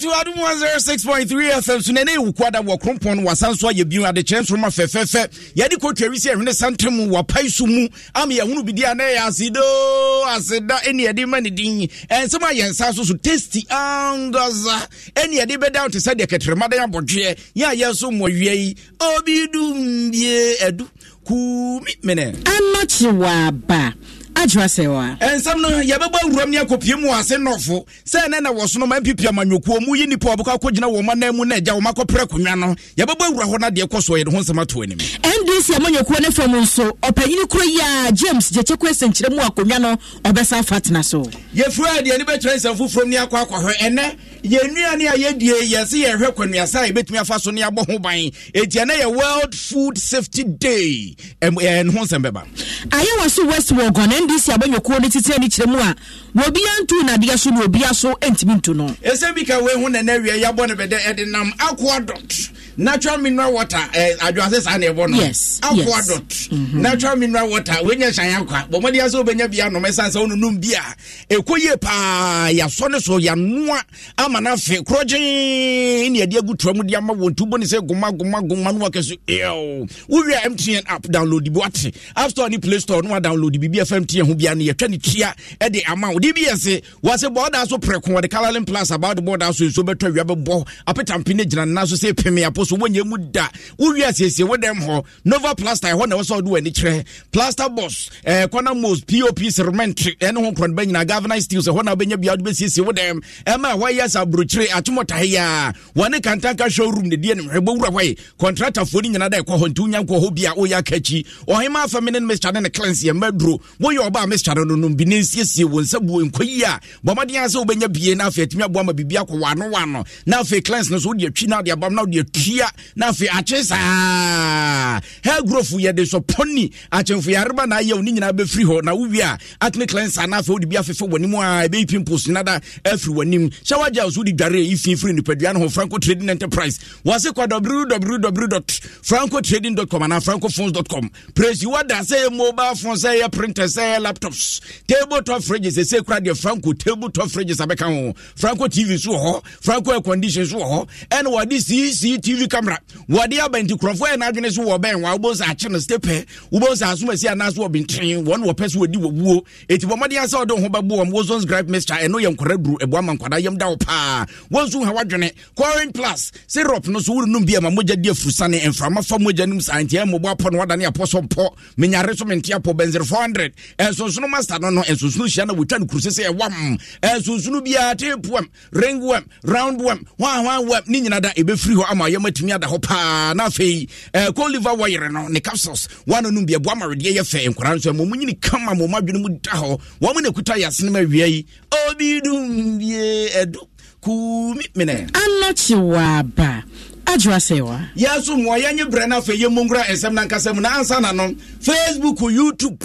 to adum 106.3 fm so nane ewu kwada wɔ krompɔn no wasan so ayɛ bi adekyerɛ nsoroma fɛfɛɛfɛ yɛde kɔ twari sɛ ɛhwene santam wapae so mu ama yɛhunu bidi a na ɛyɛ aseda ɛne yɛde ma ne din ɛnsɛm a yɛn nsa so so tasty angasa ɛne yɛde bɛda te sɛ deɛ kɛtrɛma dan abɔdweɛ yɛ a yɛ yi obi dum bie kumi mene amakyewaaba ɛnsɛm no yɛbɛbɔ awuram ne akɔpie mu ase nɔfo sɛ ɛnɛ na wɔsono ma mpipi amanwokuo mu yi nipa wɔbɛkɔ akɔgyina wɔ ma nan mu na agya wɔ ma kɔprɛ akonnwa no yɛbɛbɔ awura hɔ no adeɛ kɔ soɔ yɛde ho nsɛm ato anim ndc amanwokuo ne fam nso ɔpanyini koro yi a james gyekyɛkɔ asɛnkyerɛ mu akonnwa no ɔbɛsa fa tena so yɛfiri adeɛ ne bɛkyerɛ nsɛm foforom ne akɔ akɔhwɛ ɛnɛ yɛn nnuane a yɛdue yɛse yɛhwɛ kwanuasa a yɛbɛtumi afa so ne abɔ ho ban ɛti ɛnɛ yɛ world food safety day ɛne ho nsɛm bɛba ayɛwɔ so west wɔgɔn ndc abɔnyokuo no titire no kyerɛ mu a wɔbia ntu nadeɛ so na obia so ntimi ntu no ɛsɛ bi ka wei ho nana awie yɛabɔ no bɛdɛ ɛde nam akoa dot natural mineral water adwase saa na ɛbɔ no yes, aqua dot yes. Mm-hmm. natural mineral water wɔnya hyɛn akwa bɔn mɔden asɛ wɔbɛnya bi anɔmɛ san sɛ wɔn num bi a ɛkɔ yie paa yasɔ ne so yanoa ama n'afɛ korɔgyen ne yɛde agu tura mu de ama wɔn tubo ne sɛ goma goma goma no wakɛ so ew wuwia mtn app download bi wate app store ne play store no wa download bibi fm tiɛ ho bia no yɛtwa ne tia ɛde ama wo dbs wɔasɛ bɔɔda so prɛko wɔde kalalin plus about bɔɔda so nsuo bɛtɔ awia bɛbɔ apɛtampi ne gyina nna so sɛ pɛmɛ apɔ wo so wɔnyɛ mu da wowie asiesie wo dɛm hɔ nova plaster ɛhɔ na ɛwɔ sɛ wode w'ani kyerɛ plaster bos eh, kwana mos pop cement ɛne ho nkorɔnba nyinaa governor steels ɛhɔ na wobɛnya bia wode bɛsiesie wo dɛm ɛma ɛhɔ yɛ sɛ aborokyire atomɔ tahe a wɔne kantanka showroom ne deɛ nemhwɛ bɛwura hɔ yi contractafoɔ no nyinaa dɛ ɛkɔ hɔ nti wonya nkɔ hɔ bi a woyɛ ɔhema afɛme ne no ne ne cleanse yɛmma duro woyɛ ɔba a mesya no nonom bi ne nsiesie wo nsa buo nkɔ yi a bɔmmɔden a sɛ bie na atumi aboa ma biribi akɔ wano wano na afei cleanse no so wode atwi na wode abam na wode atwi ahyia na afei akye saa hagrofo yɛde sɔpɔni akyɛmfo yareba na ayɛw ne nyinaa bɛfiri hɔ na wowie a acne cleansa na afei wode bi afefa w'anim a ɛbɛyi pimples nada afiri w'anim hyɛ wagya so wode dware yi fii firi nipadua no ho franco trading enterprise wɔse kɔ www franco trading dot com anaa franco phones dot com praise you wada sɛ yɛ mobile phone sɛ yɛ printer sɛ yɛ laptops table top fridges ɛsɛ kora deɛ franco table top fridges abɛka ho franco tv so wɔ hɔ franco air condition so wɔ hɔ ɛne wɔde cctv tv camera wɔde aba nti kurɔfoɔ yɛ n'adwene so wɔ bɛn wa wobɔ nsa akye no stepɛ wobɔ nsa asomasi anaasɛ wɔ bentene wɔn wɔpɛ so wɔdi wɔwuo eti bɔ mmɔden asɛ wɔde ho bɛbu wɔn wɔn zons gripe mixture ɛno yɛ e nkwadaa duru ɛbu ama nkwadaa yam da wo paa wɔn nso ha wadwene corin plus syrup no so wɔn num bi ama mogya di afurusane mframa fa mogya nim saa nti ɛmɔbɔ apɔ no wadane apɔ so mpɔ menyare so mente apɔ bɛnzere four hundred nsonsono e master no no nsonsono e hyia na wotwa no kuru sɛ ɛwam nsonsono biara tape worm ring worm round worm hwan hwan worm ne nyinaa da ebɛfiri hɔ atumi ada hɔ paa na afei ɛɛ eh, liver wɔyere no ne capsules wɔn anum deɛ maredeɛ yɛ fɛ nkwaraa nso ɛmɔ mu kama mɔ mu adwene mu da hɔ wɔn mu na ekuta yasene ma awia yi obi dum bie ɛdu anɔkye wɔ aba. adwoa so mmoa yɛnye berɛ no afei yɛmmɔ nkura nsɛm nankasɛ mu na ansa na no facebook youtube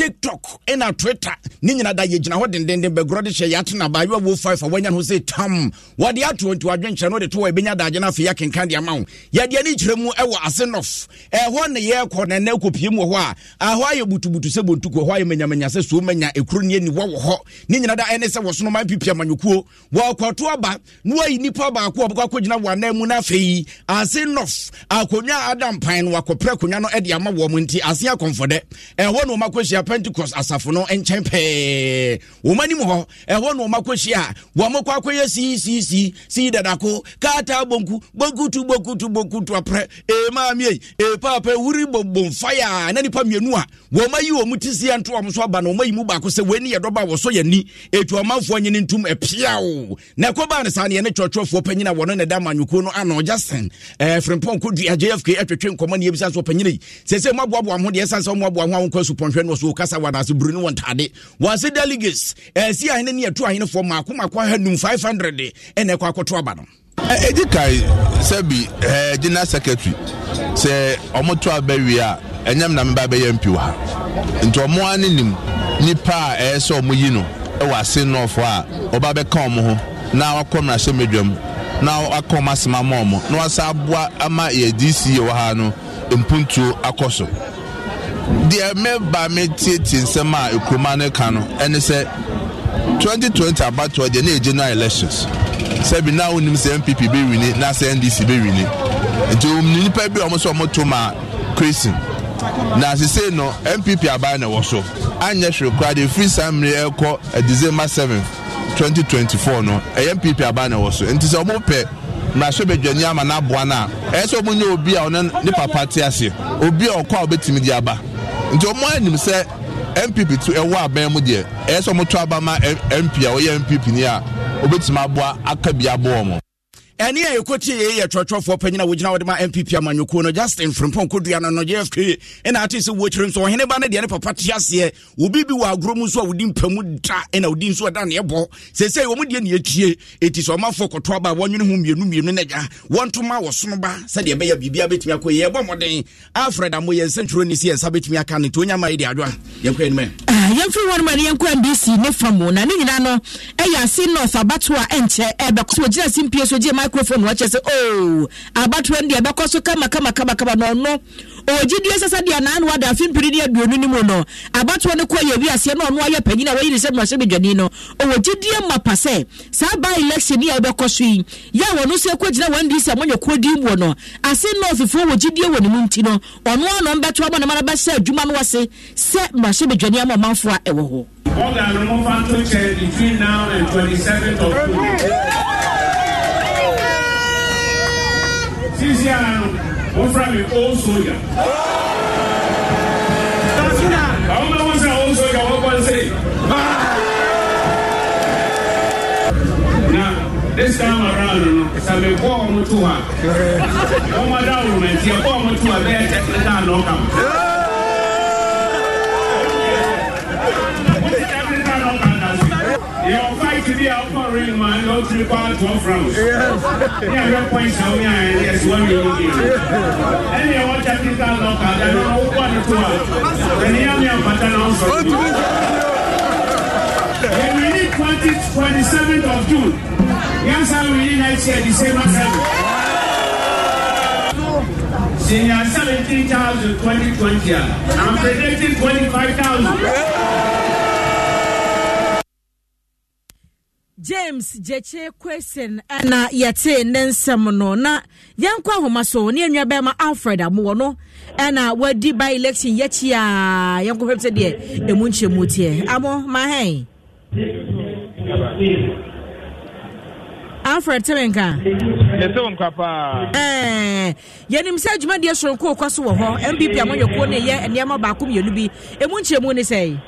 tiktok ɛna twitter ne nyina da yɛgyina hɔ dendenden bɛgorɔ de hyɛ yɛate na abaayewa wo five a woanya no ho sɛ tam wɔde ato nti wadwenkyerɛ no de to wɔ ɛbɛnya daagye no afei yɛkenka de ama wo yɛdeɛ ne kyerɛ mu ɛwɔ ase nɔf ɛhɔ ne yɛkɔ na ɛnɛ kɔpiem wɔ hɔ a ahɔ ayɛ butubutu sɛ bontuku ɛhɔ ayɛ manyamanya sɛ suo manya ɛkuro ne ani wɔ wɔ hɔ ne nyina da ɛne sɛ wɔsonoma mpipia manyokuo wɔkɔto aba na wayi nnipa baako a wɔbɛkɔ akɔgyina wɔ anan mu no afei ase nɔf akonnwa ada mpan no wakɔprɛ akonnwa no de ama wɔ mu nti ase akɔmfɔdɛ ɛhɔ na ɔmakɔhyia pentecost asafo no nkyɛn pɛɛ wɔn anim hɔ ɛhɔ na wɔn akɔhyia a wɔn kɔ akɔyɛ sii sii sii sii dadako kaataa bonku bonkutu bonkutu bonkutu aprɛ ee maame yi ee paapa wuri bɔbɔ nfaya na nipa mmienu a wɔn ayi wɔn ti si ɛnto wɔn so aba no wɔn yi mu baako sɛ wɔn ani yɛ dɔba wɔsɔ yɛn ni etu ɔmanfoɔ nyini ntum ɛpiawo na ɛkɔba ne saa ne ne kyerɛkyerɛfoɔ panyin a wɔn ne da amanyɔkuo no ano ɔgya sɛn ɛɛ firimpɔnkɔ dua jfk ɛtwetwe nkɔmɔ ne ebisa so panyin yi sɛ sɛ mo aboaboa ho deɛ ɛsan sɛ mo aboa ho ahonkɔ supɔnhwɛ no so wo kasa wanaase buru ne wɔ ntade wɔase delegates ɛsi ahene ne yɛto ahenefoɔ maako maako ahanum 500 ɛna ɛkɔ akɔto aba no ɛdi kae sɛbi ɛɛ general secretary sɛ ɔmo to abɛwie a ɛnyɛm na mba bɛyɛ mpi wɔ ha nti ɔmo ani nim nipa a ɛyɛ sɛ ɔmo yi no ɛwɔ ase nɔɔfo a ɔba bɛka ɔmo ho na wakɔ mmarahyɛ mmadwam na wakɔ ɔmo asema ma ɔmo na wasa aboa ama yɛ dc wɔ ha no mpuntuo akɔ so. deɛ meba metietie nsɛm a nkuruma no ka no ɛne sɛ 2020 abatoɔ deɛ na ɛgye elections sɛbi na wonim sɛ npp bɛwini na sɛ ndc bɛwini nti wɔm nipa bi a wɔn sɛ wɔn to ma krisin na asese no npp aban na ɛwɔ so anyɛ hwere koraa de firi saa mmiri ɛrekɔ december 7 2024 no ɛyɛ npp aba na ɛwɔ so nti sɛ ɔmo pɛ mmarahyɛ badwani ama n'aboa no a ɛyɛ sɛ ɔmo nye obi a ɔne ne papa te ase obi a ɔkɔ a ɔbɛtumi de aba nti ɔmo anim sɛ npp tu ɛwɔ abɛn mu deɛ ɛyɛ sɛ ɔmo to aba ma mp a ɔyɛ npp ni a ɔbɛtumi aboa aka bi aboa ɔmo ɛne a yɛkɔtie yɛ yɛ twerɛtwerɛfoɔ panyina wɔgyina wɔde ma mpp amanyɔkuo no justin frimpɔn kɔdua no no yɛfke ɛna ate sɛ wɔkyerɛ nso ɔhene ba no deɛ ne papa te aseɛ wobi bi wɔ agorɔ mu nso a wodi mpa mu da ɛna wodi nso ɛda ne ɛbɔ sɛsɛ wɔm deɛ ne ɛti sɛ ɔmafoɔ kɔto aba wɔnwene ho mmienu mmienu no agya wɔnto ma wɔsono ba sɛdeɛ ɛbɛyɛ biribia bɛtumi akɔ yɛbɔ mmɔden alfred amo yɛn sɛ ntwerɛ ne si yɛnsa bɛtumi aka ne nti onyama yɛde adwoa yɛnkɔ anim ah, yɛmfiri hɔ no ma yɛnkɔ ndc ne fa mu na ne nyinaa no ɛyɛ ase north abatoa ɛnkyɛ ɛbɛkɔ sɛ wɔgyina simpie so gyema microphone wakyɛ sɛ o abatoɔ no oh, deɛ ɛbɛkɔ oh, eh? so kamakamakamakama na ɔno ɔgyidie sɛ sɛ deɛ naa no ne aduonu no mu no abatoɔ no kɔɔ yɛwi aseɛ na ɔno ayɛ panyin a wɔyi ne sɛ mmarahyɛ badwani no ɔwɔgyidie mapa sɛ saa ba election yi a ɛbɛkɔ so yi yɛ a wɔno so akɔgyina wɔn de sɛ monyɛ din wɔ no ase nɔɔsefoɔ wɔgyidie wɔ ne mu nti no ɔno ano mbɛtoa ma ne ma no bɛhyɛ adwuma no ase sɛ mmarahyɛ badwani ama ɔmanfoɔ a ɛwɔ hɔ All the removal to change between now and 27th of June. polisi ara no wɔfra me old soldier àwọn ọmọ wọn sẹ àwọn sọjà wọn kọ ṣe na this time around no sàmì bọ́ ọmọ tó wa ọmọdé àwọn ọmọ ẹ̀ tiẹ̀ bọ́ ọmọ tó wa bẹ́ẹ̀ tẹ́tẹ́ dáná ọkà. your fight to be a foreign man, no three pound twelve rounds. Yes. Yeah, your points are me and yes, one you will give. Any one chapter lock out, I don't know what to do. And here me and Patan also. And we need twenty twenty th of June. Yes, I will need next year, December seventeen thousand twenty twenty 2020. I'm predicting thousand. james gyekye kwesen eh, na yɛte ne nsɛm no na yɛnkɔ ahoma so ne anua bɛrima alfred amoɔ no ɛna eh, wadi by election yɛkyi a yɛnkɔhwɛ sɛ deɛ ɛmu nkyɛmu teɛ amo mahɛn alfred nka. temenka ɛsɛwonka paa eh, yɛnim sɛ adwumadeɛ soronko kɔ so wɔ hɔ mpp a moyɛkuo no ɛyɛ nneɛma baako mmienu bi ɛmu nkyɛmu ne sɛe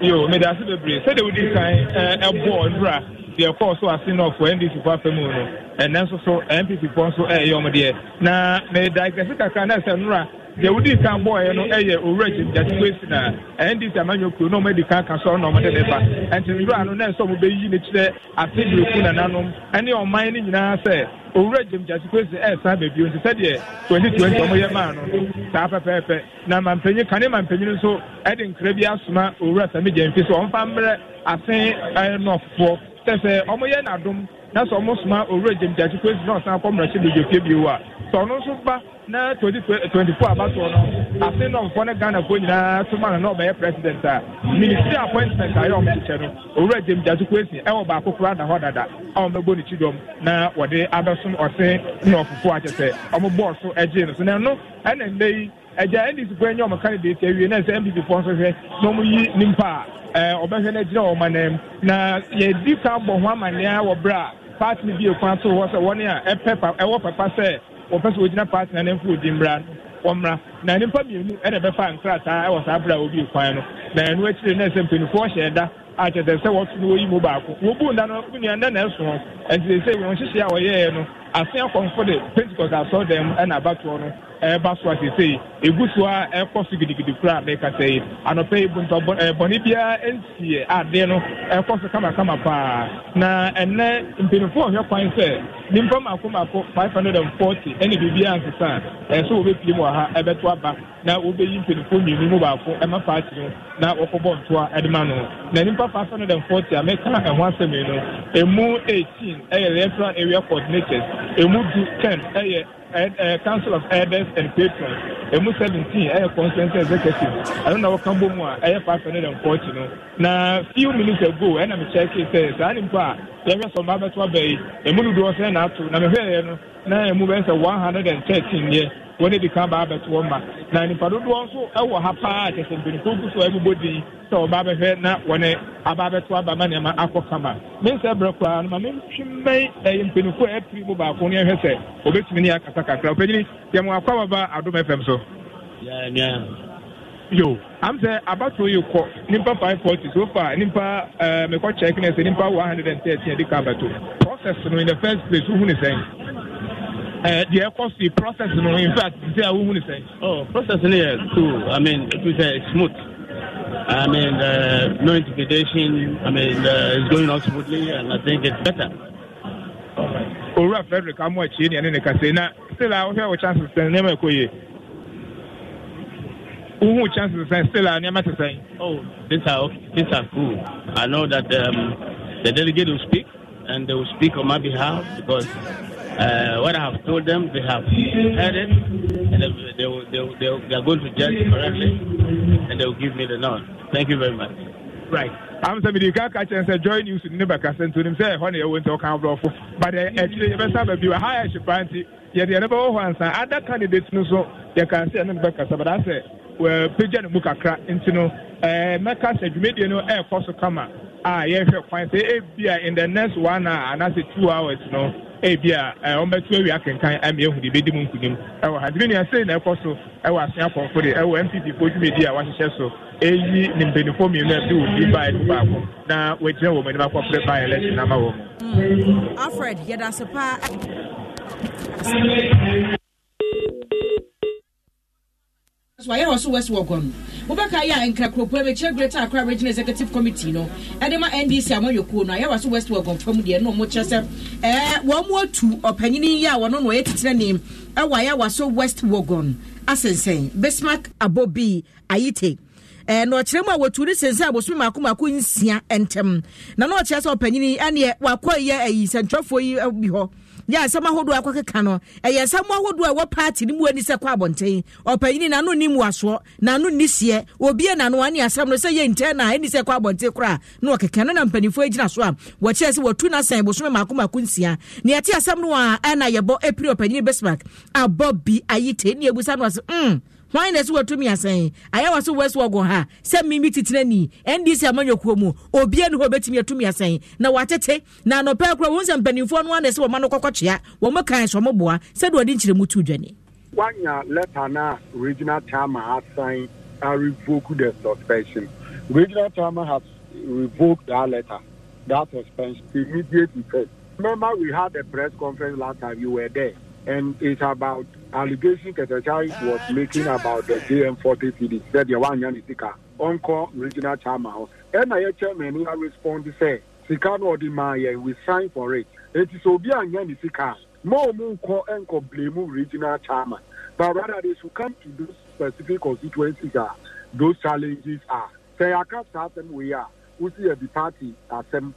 yo medase bebree sɛdeɛ wodi kan ɛbɔɔ nwura deɛ kɔɔ so ase nɔfo ndc fo afa mu no ɛnɛ nso eh, so npp fo nso ɛyɛ ɔmo deɛ na medaigrɛsi kakra na ɛsɛ nora deɛ wodi kan bɔɔyɛ no ɛyɛ owura gyimgyate kwesi na ndc amanyɔ kuro na ɔmadi kan ka sɔre na ɔmode ne ba ɛnti nwura no na ɛsɛ ɔmobɛyi ne kyerɛ ateduroku nananom ɛne ɔman no nyinaa sɛ owura gyimgyate kwesi ɛɛsa baabio nti sɛdeɛ 2020 ɔmoyɛ maa no saa pɛpɛɛpɛ na mampanyin kane mampanyin nso ɛde nkra bi asoma owura sami gyamfi sɛ ɔmfa mmerɛ asen ɛɛ nɔfoɔ kyɛ sɛ ɔmoyɛ n'adom na sɛ ɔmo soma owura gyamgyakye kwesi na ɔsan akɔ mmerɛhyɛ bedwofie bio a sɛ ɔno twenty ba na 2024 abatoɔ no ase nɔmfoɔ ne ghanafoɔ nyinaa toma no na ɔbɛyɛ president a ministry appointment a yɛ ɔmo kyekyɛ no owura gyamgyakye kwesi ɛwɔ baako koraa da hɔ dada a ɔmɛbɔ ne ti dɔm na wɔde abɛsom ɔse ne ɔfofoɔ akyɛ sɛ ɔmo bɔɔl so agyee no so na ɛno ɛna nnɛ ɛgya ndc fo ɛnyɛ ɔmo candidate awie na ɛsɛ npp fo nso hwɛ na ɔmo yi nimpa a ɔbɛhwɛ no agyina ɔmo anan na yɛdi ka bɔ ho amanneɛ wɔ berɛ a party no bi ekwan so wɔ sɛ wɔn a ɛpɛ pa ɛwɔ papa sɛ wɔpɛ sɛ wɔgyina party na nanfo odi mbra wɔmmra na nipa mmienu ɛna e, ɛbɛfa nkrataa ɛwɔ saa berɛ a obi ekwan no na ɛno akyire na ɛsɛ mpanyinfoɔ hyɛ da akyɛdɛ sɛ wɔto no wɔyi mu baako wɔbu nda no wo nua ndɛ na ɛso no ɛnti sɛ wɔn hyehyɛ a wɔyɛɛ no ase akɔmfo de pentecost asɔ dɛm ɛna abatoɔ no ɛreba so a sesei ɛgu so a ɛkɔ so gidigidi kora a mekasa yi anɔpɛ yi bunta bɔne biara ɛnsie adeɛ no ɛkɔ so kamakama paa na ɛnɛ mpanimfoɔ ɔhwɛ kwan sɛ nimpa mako mako five hundred and forty ɛne biribiara nsesa a ɛsɛ wɔbɛpie mu wɔ ha ɛbɛto aba na wɔbɛyi mpanimfoɔ mmienu mu baako ɛma paati no na wɔkɔbɔ ntoa ɛde ma no na nimpa five hundred and forty a meka ɛho asɛm yi no emu eighteen ɛyɛ electoral area coordinators emu du ten ɛyɛ ɛɛ council of elders and patrons emu seventeen ɛyɛ consultant executive ɛno na wɔka bɔ mu a ɛyɛ five hundred and forty no na few minutes ago ɛna mi check it sɛ saa nipa a yɛhwɛ sɔn maa bɛtɔ abɛɛ yi emu dodoɔ sɛ na ato na mehwɛ yɛ no na emu bɛ sɛ one hundred and thirteen yɛ wɔn adi kan baa bɛto wɔn ma na nipa dodoɔ nso wɔ ha paa kyɛ sɛ mpanyinfoɔ gu so ɛbobɔ din sɛ wɔba bɛhwɛ na wɔne aba bɛto aba ma nneɛma akɔ kama me nsa brɛ koraa no ma me ntwemmɛn ɛyɛ mpanyinfoɔ a ɛpiri mu baako ne ɛhwɛ sɛ wɔbɛtumi ne akasa kakra ɔpanyini yɛm akɔ baba adom fm so yo am sɛ abato yi kɔ nipa five forty so far nipa ɛɛ eh, mekɔ check ne sɛ nipa one hundred and thirty ɛdi ka abato process no in the first place wohu ne sɛn deɛ ɛkɔ so process no in fact sɛ a wohu ne oh process no yɛ cool i mean it ɛtumi sɛ smooth I mean, uh, no intimidation. I mean, uh, it's going on smoothly, and I think it's better. Owura Frederick Amuachi ni ẹni nìkan sẹ́yìn náà still a wọ́n wọ́n chances sẹ́yìn ní ẹ̀ma ẹ̀kọ́ yẹ. Wọ́n chances sẹ́yìn still a ní ẹ̀ma sẹ́yìn. Oh, these are these are cool. I know that um, the delegate will speak and they will speak on my behalf because Uh, what I have told them, they have heard it, and they, will, they, they, they, are going to judge correctly, and they will give me the nod. Thank you very much. Right. I'm saying you can't catch and say join you in Never Castle to him say, Honey, I went to a camp for. But uh, actually, you better have a higher ship, yɛde ɛne bɛwɔ hɔ ansa Other candidates no so yɛka sɛ ɛne no bɛkasa but Well, wɔpagya no mu kakra nti no ɛɛ uh, mɛka sɛ dwumadie no ɛɛkɔ come up a yɛhwɛ kwan sɛ ebi a in the next one hour uh, anaasɛ two hours no ebi hmm. a wɔn bɛtu awia kankan ama ehu de ebedi mu nkunim ɛwɔ ha dimi nea sei na ɛkɔ so ɛwɔ ase apɔnfo de ɛwɔ npp fo a wɔahyehyɛ so eyi ne mpanyinfo mmienu a bi bi baa ɛnu baako na wɔagyina wɔn anim akɔfrɛ baa election ama wɔn. alfred yɛda se so ayɛ wɔ west wɔ kɔ no wobɛka yɛ a nkra kuropɔn greater accra regional executive committee no ɛde ma ndc amanyɔkuo no ayɛ wɔ eh, eh, so west wɔ kɔ fam deɛ no ɔmo kyerɛ sɛ ɛɛ wɔn mo atu ɔpanyin yi a wɔn no wɔyɛ titire ne ɛwɔ west wɔ kɔ no bismarck abobi ayite ɛɛ na ɔkyerɛ mu a wɔtu ne sensɛn a mako mako nsia ntɛm na na ɔkyerɛ sɛ ɔpanyin yi ɛneɛ wakɔ yɛ ɛyi eh, sɛntwɛfoɔ yi bi hɔ yɛ asɛm ahodoɔ akɔkeka no ɛyɛ nsɛm ahodoɔ a ɛwɔ paati no mu ani sɛ kɔ abɔnten ɔpanyini n'ano ni muasoɔ n'ano ni seɛ obie n'ano ani asɛm no sɛ yɛ ntɛn na ani sɛ kɔ abɔnten koraa na ɔkeka no na mpanimfoɔ gyina so a wɔkyerɛ sɛ wɔtu n'asɛn bosome mako mako nsia nea ɛte asɛm no a ɛna yɛbɔ apiri ɔpanyini bismarck abɔ bi ayi te ne ebusa no ɔsɛ mm hwan uh, na ɛsɛ watumi asɛn ayɛ wɔ so west wɔ gɔ ha sɛ mimi titena ni ndc amanyokuo mu obia ne hɔ bɛtumi atumi asɛn na watete na anɔpɛ kora wɔn sɛ mpanimfoɔ no ana ɛsɛ wɔma no kɔkɔkyea wɔn kan so wɔn boa sɛdeɛ ɔde nkyerɛmu tu dwane wanya leta na regional chairman has signed and uh, the suspension. Regional chairman has revoked that letter, that suspension, immediately. Remember, we had a press conference last time. You were there and it's about allegation Ketecharis ah, was making about the JM40 CD. That the one yan sika. Uncle regional chairman. And I chairman who responded say, Sika no the man, we sign for it. It is Obi and yan sika. More moon call and blame regional chairman. But rather they should come to those specific constituencies those challenges are. Say, I can't start them we are. We see the party as them,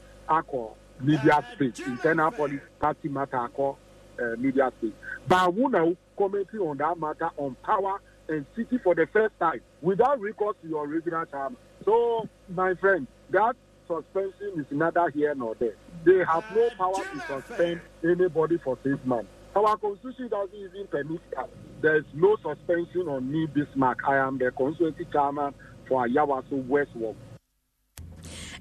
media ah, space, internal policy, party matter, uh, media space. now commenting on that matter on power and city for the first time without recourse to your original charm. So, my friend, that suspension is neither here nor there. They have no power to suspend anybody for six months. Our constitution doesn't even permit that. There's no suspension on me, Bismarck. I am the constituency chairman for Ayawaso West Ward.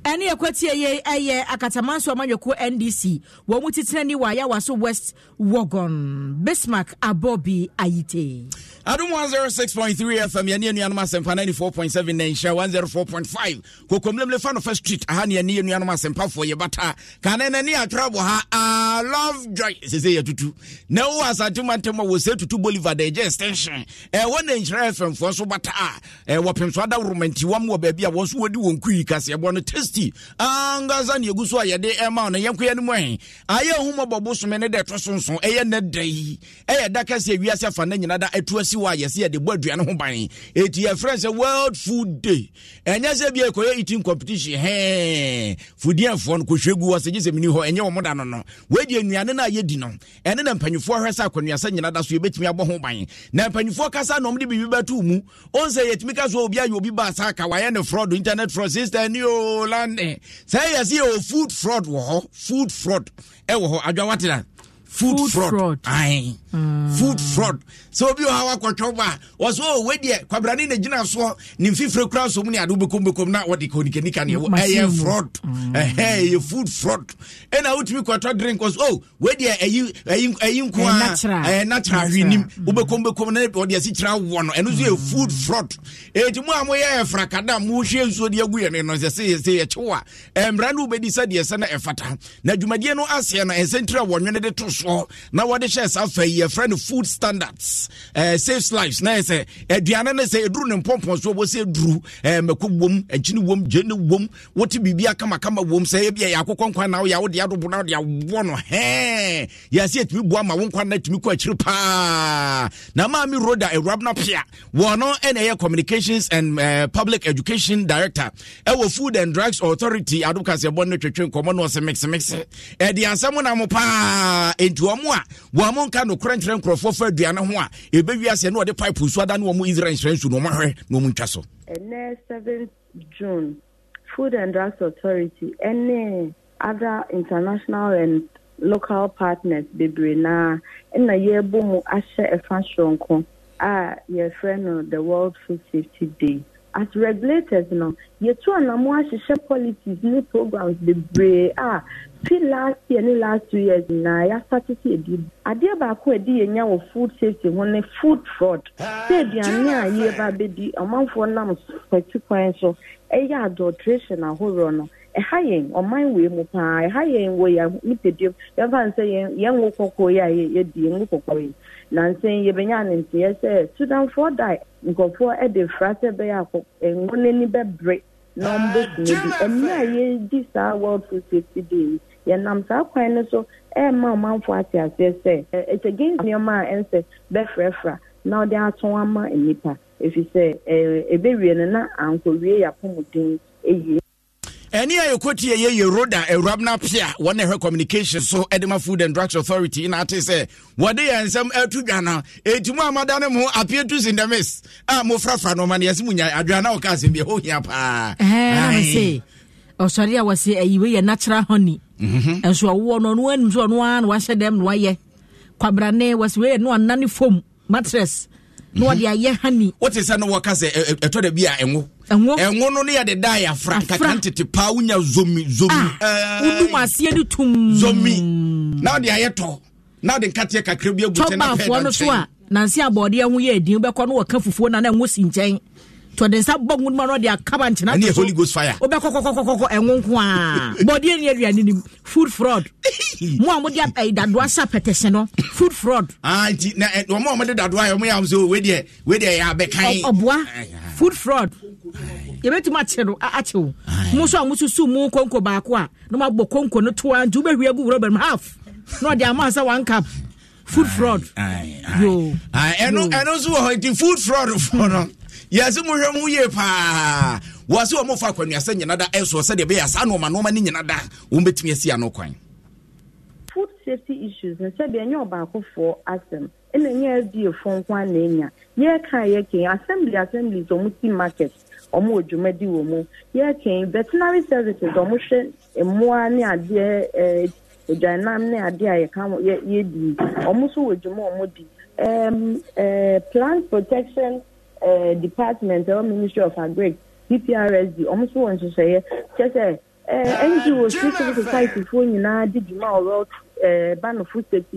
ɛne yɛkwatie yɛ ɛyɛ akatamanso amanwɛkuo ndc wɔn mu titena ni wɔ ayawa so west wogon bismark abobi ayite adom 106.3 fm yɛne anuanom asɛmpa 94.7 nanhyira 104.5 kokomlemle fa nofa street aha ne yɛne anuanom asɛmpafoɔ yɛbata kane nani atwerɛ bɔ ha love joy sɛsɛ yɛtutu na wo asantemantɛm a wɔsɛ tutu bolivar da ɛgye extension ɛwɔ nanhyira fmfoɔ so bata a wɔpemso ada woromantiwam wɔ baabi a wɔn so wɔdi wɔn kui kaseɛbɔ no test university ankasa ne ɛgu so a yɛde ɛma no yɛnkoyɛ no mu ɛhe ayɛ ahumɔbɔ bosome ne dɛ ɛto so nso ɛyɛ nɛ da yi ɛyɛ da kɛsɛ wiase afa no nyina da ɛto asi wɔ a yɛde bɔ aduane ho ban ɛti yɛfrɛ sɛ world food day ɛnyɛ sɛ bia ɛkɔyɛ eating competition he fudiɛfoɔ no kɔhwɛ gu hɔ sɛ gye sɛ meni hɔ ɛnyɛ wɔ moda no no wɔadi nnuane no a yɛdi no ɛne na mpanyifoɔ hwɛ sɛ akɔnnuasɛ nyina da so yɛbɛtumi abɔ ho ban na mpanyifoɔ kasa na ɔmde biribi bɛto mu ɔn sɛ yɛtumi ka so obi ayɛ obi baa saa wayɛ ne frɔd internet frɔd system ne o la ne sɛ yɛ sɛ yɛwɔ food fraud wɔ hɔ food fraud ɛwɔ hɔ adwa watena food, food fraud, fraud. Mm. food fraud sɛ obi wɔ ha a wɔ so deɛ kwabrane na gyina soɔ ne mfifire kora so mu ne ade wobɛkombekom na wɔde kɔnikanika ne ɛyɛ fraud ɛhɛ mm. eh, ɛyɛ food fraud ɛna eh, wotumi kɔtɔ drink wɔ o wei deɛ ɛyi nko a ɛyɛ natural eh, hwenim wobɛkombekom mm. na wɔde asikyira wɔ no ɛno nso yɛ food fraud ɛti mu a moyɛ frakada mohwɛ nsuo de agu yɛne no sɛ sɛ yɛkyew a mmara no wobɛdi sɛdeɛ sɛ na ɛfata na adwumadeɛ no aseɛ no ɛnsɛntiri a wɔnwene de to soɔ na wɔde hyɛ saa fa yi yɛfrɛ no food standards uh, saves lives na sɛ aduane no sɛ ɛduru ne mpɔmpɔn soɔ wɔ sɛ duru eh, mako wom akyini wom gyene wom wote biribi akamakama wom sɛ yɛbia yɛ akokɔ nkwa na woyɛ wode adobo na wode awoɔ no hɛ yɛase atumi boa ma wo nkwa no atumi kɔ akyiri paa na maa me roda awurabna pia wɔno ɛna ɛyɛ communications and uh, public education director ɛwɔ food and drugs authority adokasɛbɔ no twetwe nkɔmmɔ no ɔsɛ mixmix ɛde asɛm na mo paa enti ɔmo a wɔamo nka nokorɛ akɔrɛnkyerɛ nkurɔfoɔ fa aduane ho a na pipe ada ne wɔ mu israel nhyerɛ nsu ɔmahwɛ na ɔmu ntwa so ɛnɛ 7 june food and drugs authority ɛne other international and local partners bebree naa ɛna yɛbɔ mu ahyɛ ɛfa soronko a yɛfrɛ no the world food safety day as regulators no yɛtu anamu ahyehyɛ policies ne programs bebree a fi last year ne last two years na yɛasate sɛ yɛdi adeɛ baako a yɛdi yɛnya wɔ food safety ho ne food fraud ah, sɛ eh, aduane a yɛba bɛdi ɔmanfoɔ nam pɛti kwan so ɛyɛ adultration ahoroɔ no ha yɛn ɔman wee mu paa ɛha yɛn wɔ yɛn nipadua yɛmfa nsɛ yɛn yɛn ngo kɔkɔɔ yi a yɛdi yɛn ngo kɔkɔɔ yi nansen yɛbɛnya ne nteɛ sɛ sudanfoɔ da nkɔfoɔ ɛde fra bɛyɛ akɔ n'ani na bi a yɛdi saa world food safety day saa kwan no so ɛɛma ɔmanfoɔ ate aseɛ sɛ nneɛma a ɛnsɛ na ɔde ato ama nnipa efisɛ ɛɛ ebɛwie no na ankɔwie yɛ apɔmuden eyie. ɛne a yɛkɔti ɛyɛ yɛroda awurabna pia wɔne ɛhwɛ communication so edema food and drugs authority na ate sɛ wɔde yɛn nsɛm atu dwana ɛtimu amada ne mu apia tu sindemis a mofrafra nɔma no yɛse mu nya adwana woka asɛm biɛ hohia paa ɔsɔre a wɔse ayiwe yɛ natural honey ɛnso mhm. ɔwoɔ no ɔno anim so ɔno ara na wahyɛ dɛm na wayɛ kwabrane wɔse wei yɛ no anane fam matress na mhm. wɔde ayɛ honey wote sɛ no wɔka sɛ ɛtɔ da bi a ɛnwo ɛnwo no no yɛde da yɛafra kaka ntete paa wonya zomi zomi ah, eh, wodum aseɛ no tum zomi na wode ayɛ tɔ na wode nkateɛ kakra bi agu tɛnapɛfoɔ no so a nanse abɔɔdeɛ ho yɛ adin wobɛkɔ no wɔka fufuo na na ɛnwo si nkyɛn tɔde nsa bɔ nwoma na ɔde akaba nkyɛn na holy ghost fire wobɛkɔ kɔkɔkɔkɔkɔ ɛnwo nko a bɔɔdeɛ ne aduane nim food fraud mo a mode eh, dadoa hyɛ apɛtɛhyɛ no food fraud ah, nti ɔma eh, a mode dadoa yɛ ɔmo yɛ am sɛ wedeɛ yɛ abɛkan food fraud yɛbɛtumi akyɛ no akyɛ wo mo nso a mosusu mu konko baako a na moabɔ konko no toa nti wobɛhwie agu wrɔba mu half na ɔde ama sɛ one cup food fraud ɛno nso wɔ hɔ nti food fraud foɔ no yɛse mohwɛ mo yie paa wɔ sɛ wɔ mofa akwanua sɛ nyina da ɛsoɔ sɛdeɛ bɛyɛ saa nnoɔma nnoɔma no nyina da wɔmbɛtumi asi ano kwan food safety issues no sɛdeɛ ɛnyɛ ɔbaakofoɔ asɛm ɛna ɛnyɛ adiefoɔ nko a na ɛnya yɛka yɛken assembly assembly sɛ ɔmo market ɔmo wɔ dwumadi wɔ veterinary services ɔmo hwɛ mmoa ne adeɛ odwanam eh, ne adeɛ a yɛka yɛdi ɔmo nso wɔ dwuma eh, plant protection eh, department ɛwɔ ministry of agri dprsd ɔmo nso wɔ nhyehyɛeɛ kyɛ sɛ ngo society foɔ nyinaa di dwuma ɔwɔ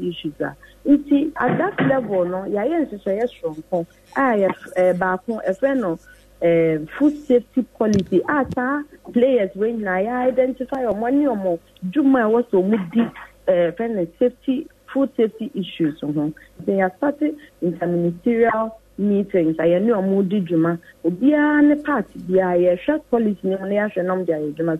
issues a nti at that level no yɛayɛ nhyehyɛeɛ soronko a yɛ eh, baako ɛfrɛ no eh, food safety policy a saa players wei nyinaa yɛ identify ɔmo ne ɔmo dwuma a ɛwɔ sɛ di eh, ɛfrɛ no safety food safety issues ho then yɛ start interministerial meetings a yɛne ɔmo di dwuma obiara ne part biara yɛhwɛ policy ne mu na yɛahwɛ na ɔmo de dwuma.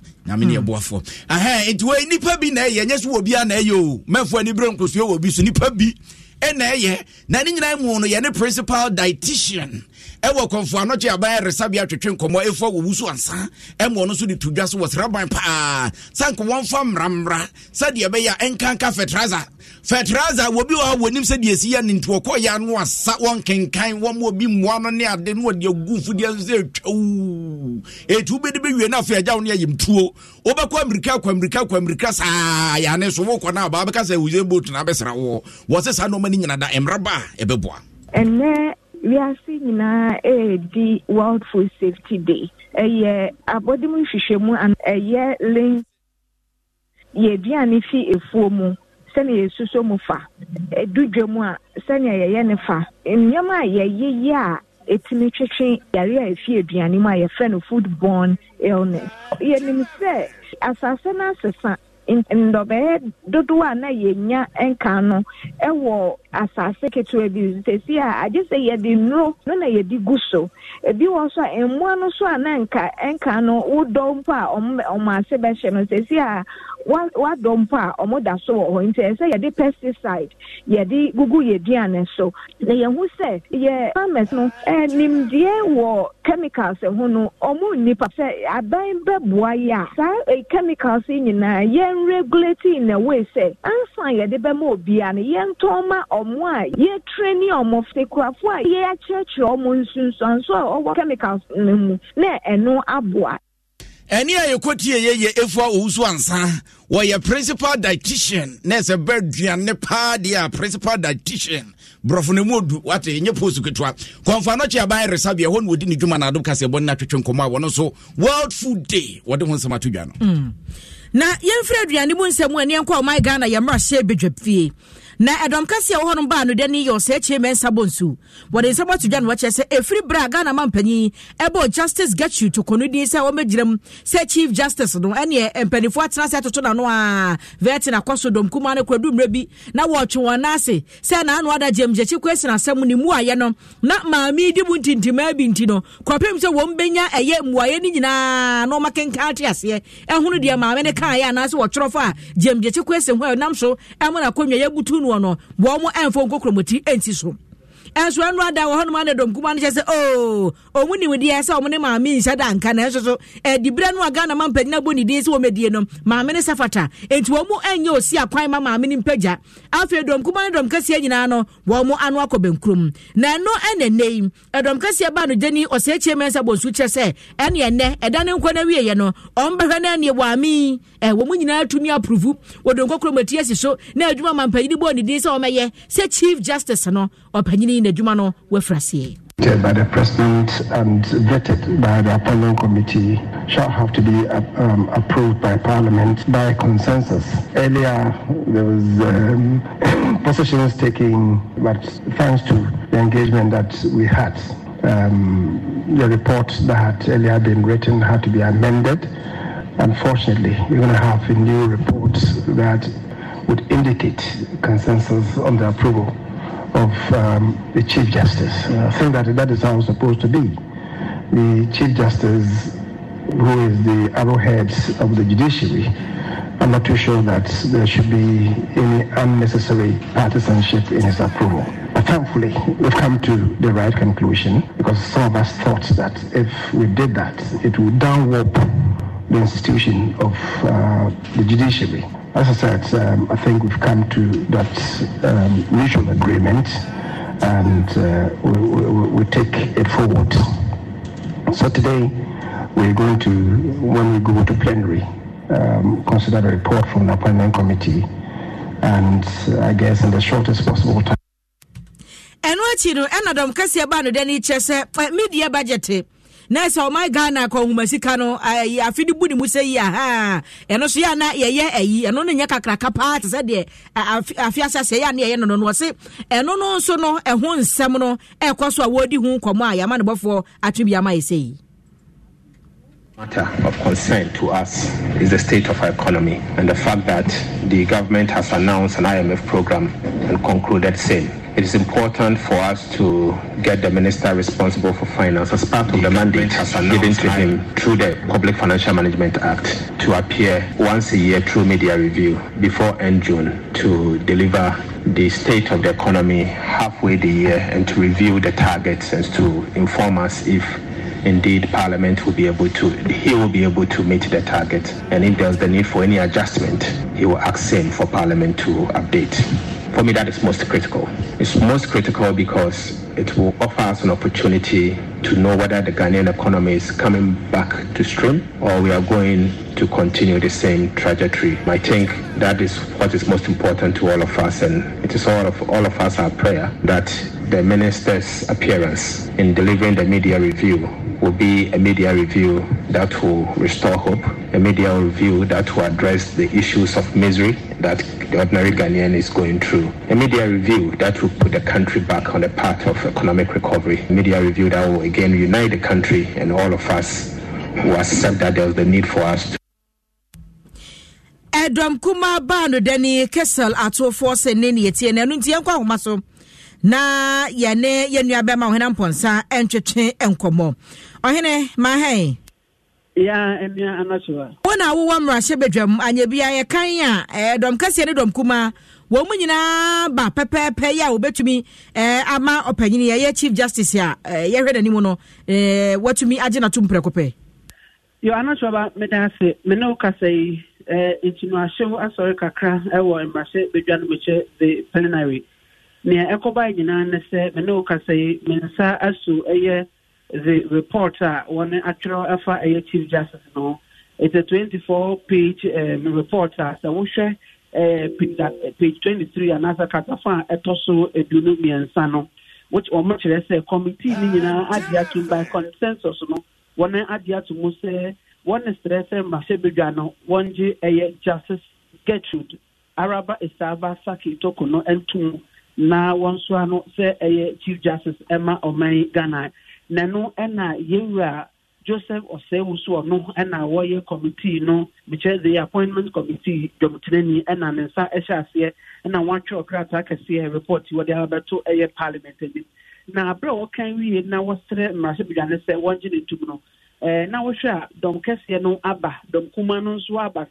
nyame ne yɛboafoɔ hmm. ɛhɛ nti wei nnipa bi na ɛyɛ ɛnyɛ so wɔ bia na ɛyɛ o mɛfoɔ ani berɛ nkosua wɔ bi so nnipa bi ɛna ɛyɛ na ne nyinaa mu no principal dietitian ɛwɔ kɔnfo anɔkye aban resabea twetwe nkɔmmɔ ɛfa wɔwu so ansa ɛma ɔno nso de to dwa so wɔ sraban paa sanke wɔmfa mmrammra sɛdeɛ ɛbɛyɛ a ɛnkanka fertilizer fertilizer wɔbi wɔ a wɔnim sɛdeɛ si yɛ ne nti wɔkɔyɛ no asa wɔnkenkan wɔma obi mmoa no ne ade ne wɔde agu mfudeɛ so sɛ ɛtwaw ɛti wobɛde bɛwie no afei agya wo no ayɛ mtuo wobɛkɔ amirika akɔ amirika akɔ amirika saa yɛane so wokɔ no abaa bɛka sɛ wuse boat na abɛsra woɔ wɔ sɛ saa nɔɔma no nyina da mmra ba a ɛbɛboa ɛnɛ wiase nyinaa ɛredi world food safety day ɛyɛ eh, abɔdemu nhwehwɛmu an ɛyɛ eh, link yɛduane fi efuo mu sɛnea yɛsoso mu fa ɛdu eh, dwa mu a sɛnea yɛyɛ ne fa nneɛma a yɛyeyɛ a ɛtumi twetwe yare a ɛfi aduane mu a yɛfrɛ no food borne illness yɛnim sɛ asase no asesa ndɔbɛɛ dodoɔ a na yɛnya nka no ɛwɔ asase ketewa bi sesi a agye sɛ yɛde nnuro no na yɛde gu so ebi wɔ so a mmoa no so a na nka nka no wodɔ mpo a ɔmo ase bɛhyɛ no sesi a. wadɔ mpo a ɔmo da so wɔ hɔ nti ɛsɛ yɛde pesticide yɛde gugu yɛ diane so na yɛn ho sɛ yɛ farmers no nimdeɛ wɔ chemicals ho no ɔmo nipa sɛ aban bɛboa yi a saa chemicals yi nyinaa yɛn regulate in a way sɛ ansan yɛde bɛma obia no yɛn tɔn ma ɔmo a yɛtire ne ɔmo sekurafo a yɛakyerɛkyerɛ ɔmo nsonsanso a ɔwɔ chemicals no mu na ɛno aboa ɛne a yɛkɔtie yɛ yɛ ɛfu a ɔwu so ansa wɔyɛ principal dietitian na ɛsɛ bɛ aduane paa deɛ a principal dietitian borɔfo no mu ɔdu wate ɛnyɛ post ketewa kɔmfa no kye aban resabea hɔ ne wɔdi ne dwuma no adom kaseɛbɔ no atwetwe nkɔmmɔ a wɔno so world food day wɔde ho nsɛm ato dwa no hmm. na yɛmfiri aduane mu nsɛm a ɛneɛnkɔ ɔman oh ghana yɛmmra hyɛ bɛdwa fie na ɛdɔm kɛseɛ wɔ hɔnom baa no dɛ ne yɛ ɔsɛ akyie mɛ nsa bɔ nsu wɔde nsɛm ato dwa no wɔkyerɛ sɛ ɛfiri berɛ a ghana ma mpanyin ɛbɔɔ justice gatue tokɔno din sɛ wɔmɛgyinam sɛ chief justice no ɛneɛ mpanimfoɔ atena sɛ atoto n'ano a vɛɛte nakɔ so dɔmkuma no kɔdu mmerɛ bi na wɔtwe wɔn nan ase sɛ naano ada gyamgyakyi kɔ asi n'asɛm ne mu ayɛ no na maame di mu ntintimaa bi nti no kɔpem sɛ wɔn bɛnya ɛyɛ mmuayɛ no nyinaa na ɔma kenkan te aseɛ ɛhono deɛ maame no kaayɛ anaasɛ wɔtwerɛfo a gyamgyakyi kɔ asi ho a ɛnam so ɛmo na akɔnnwa yɛabutu no wɔ no wɔn ɛmfo nkokromoti ɛnti so ɛnso ɛno ada wɔ hɔnom ana dɔnkuma no kyɛ sɛ oo ɔmu nim deɛ sɛ ɔmo ne maame nhyɛ da nka na ɛnso so ɛdibrɛ no a ghana ma mpanyin abɔ ne din sɛ wɔn adie no maame ne safata nti wɔn ɛnyɛ osi akwan ma maame ne mpagya afei dɔnkuma ne dɔm kɛseɛ nyinaa no wɔn ano akɔ benkum na ɛno ɛna nne yi ɛdɔm kɛseɛ baa no gyeni ɔsɛ ekyir mɛnsa bɔ nsu kyɛ sɛ ɛne ɛnɛ ɛda ne nkɔ na wie yɛ no ɔmo bɛhwɛ na ɛne wɔ ami ɛ wɔn nyinaa tumi apuruvu wɔ dɔnkɔ kurom eti esi so na adwuma ma mpanyin bɔ ne din sɛ ɔmɛyɛ sɛ chief justice no ɔpanyin yɛyi n'adwuma no by the president and vetted by the Apollo committee shall have to be um, approved by parliament by consensus. Earlier, there was um, positions taken, but thanks to the engagement that we had, um, the report that had earlier been written had to be amended. Unfortunately, we're going to have a new report that would indicate consensus on the approval of um, the Chief Justice. And uh, I think that that is how it's supposed to be. The Chief Justice, who is the arrowhead of the judiciary, I'm not too sure that there should be any unnecessary partisanship in his approval. But thankfully, we've come to the right conclusion because some of us thought that if we did that, it would downwarp the institution of uh, the judiciary. As I said, um, I think we've come to that um, mutual agreement and uh, we, we, we, take it forward. So today we're going to, when we go to plenary, um, consider the report from the appointment committee and uh, I guess in the shortest possible time. ɛno akyi no ɛna dɔm kɛseɛ baa no da no media budget eh na sɛ ghana sika no mu sɛ yi aha ɛno so yɛyɛ ayi ɛno no nyɛ kakraka paa te sɛ deɛ yɛ yɛyɛ no ɛno no nso no ɛho nsɛm no ɛkɔ so a wɔdi ho a yɛama ne bɔfoɔ yɛ sɛ yi matter of concern to us is the state of our economy and the fact that the government has announced an IMF program and concluded same it is important for us to get the minister responsible for finance as part of the mandate given to him through the Public Financial Management Act to appear once a year through media review before end June to deliver the state of the economy halfway the year and to review the targets and to inform us if indeed Parliament will be able to, he will be able to meet the target. And if there's the need for any adjustment, he will ask him for Parliament to update. For me, that is most critical. It's most critical because it will offer us an opportunity to know whether the Ghanaian economy is coming back to stream or we are going to continue the same trajectory. I think that is what is most important to all of us, and it is all of all of us our prayer that the minister's appearance in delivering the media review will be a media review that will restore hope, a media review that will address the issues of misery that the ordinary Ghanaian is going through, a media review that will put the country back on the path of economic recovery, a media review that will again unite the country and all of us who accept that there's the need for us to. ɛdɔm kumaa baa no dɛ kesel atofoɔ sɛ ne ne yɛtie no ɛno nti yɛnkɔ ahoma so na yɛne yɛnua bɛma ɔhene mpɔnsa ntwetwe nkɔmmɔ ɔhene mahɛn ya ɛnua anasoa wo na wowɔ mmarahyɛ badwam anyɛ bia yɛkan a dɔm kɛseɛ ne dɔm kumaa wɔn mu nyinaa ba pɛpɛɛpɛ yi a wɔbɛtumi eh, ama ɔpanyini yɛyɛ chief justice a eh, yɛhwɛ n'anim no watumi agye n'ato mprɛko pɛ yɛ anasoaba meda ase me ne wo kasa yi ntinuahyew asɔre kakra wɔ mmarahyɛ badwa no mekyɛ the plenary nea ɛkɔba nyinaa ne sɛ me ne wo kasa yi me nsa asu ɛyɛ the report a wɔne atwerɛ ɛfa ɛyɛ chief justice no it's a four page um, report a sɛ wohwɛ uh, page 23 anaasɛ katafa a ɛtɔ so aduonu mmiɛnsa no which wɔn kyerɛ sɛ committee no nyinaa ade ato by consensus no wɔn ade ato mu sɛ wɔn srɛ sɛ mmahyɛbadwa no wɔn gye ɛyɛ justice gertrude araba esaba saki toko no ntum. na wọn nso ano sɛ ɛyɛ chief justice ɛma ɔman ghana na no yewura joseph ɔsɛwu the appointment committee ne nsa aseɛ krataa kɛseɛ report abɛto ɛyɛ parliament na abere a wie na wɔsrɛ na a dɔm kɛseɛ no aba dɔm kuma no nso aba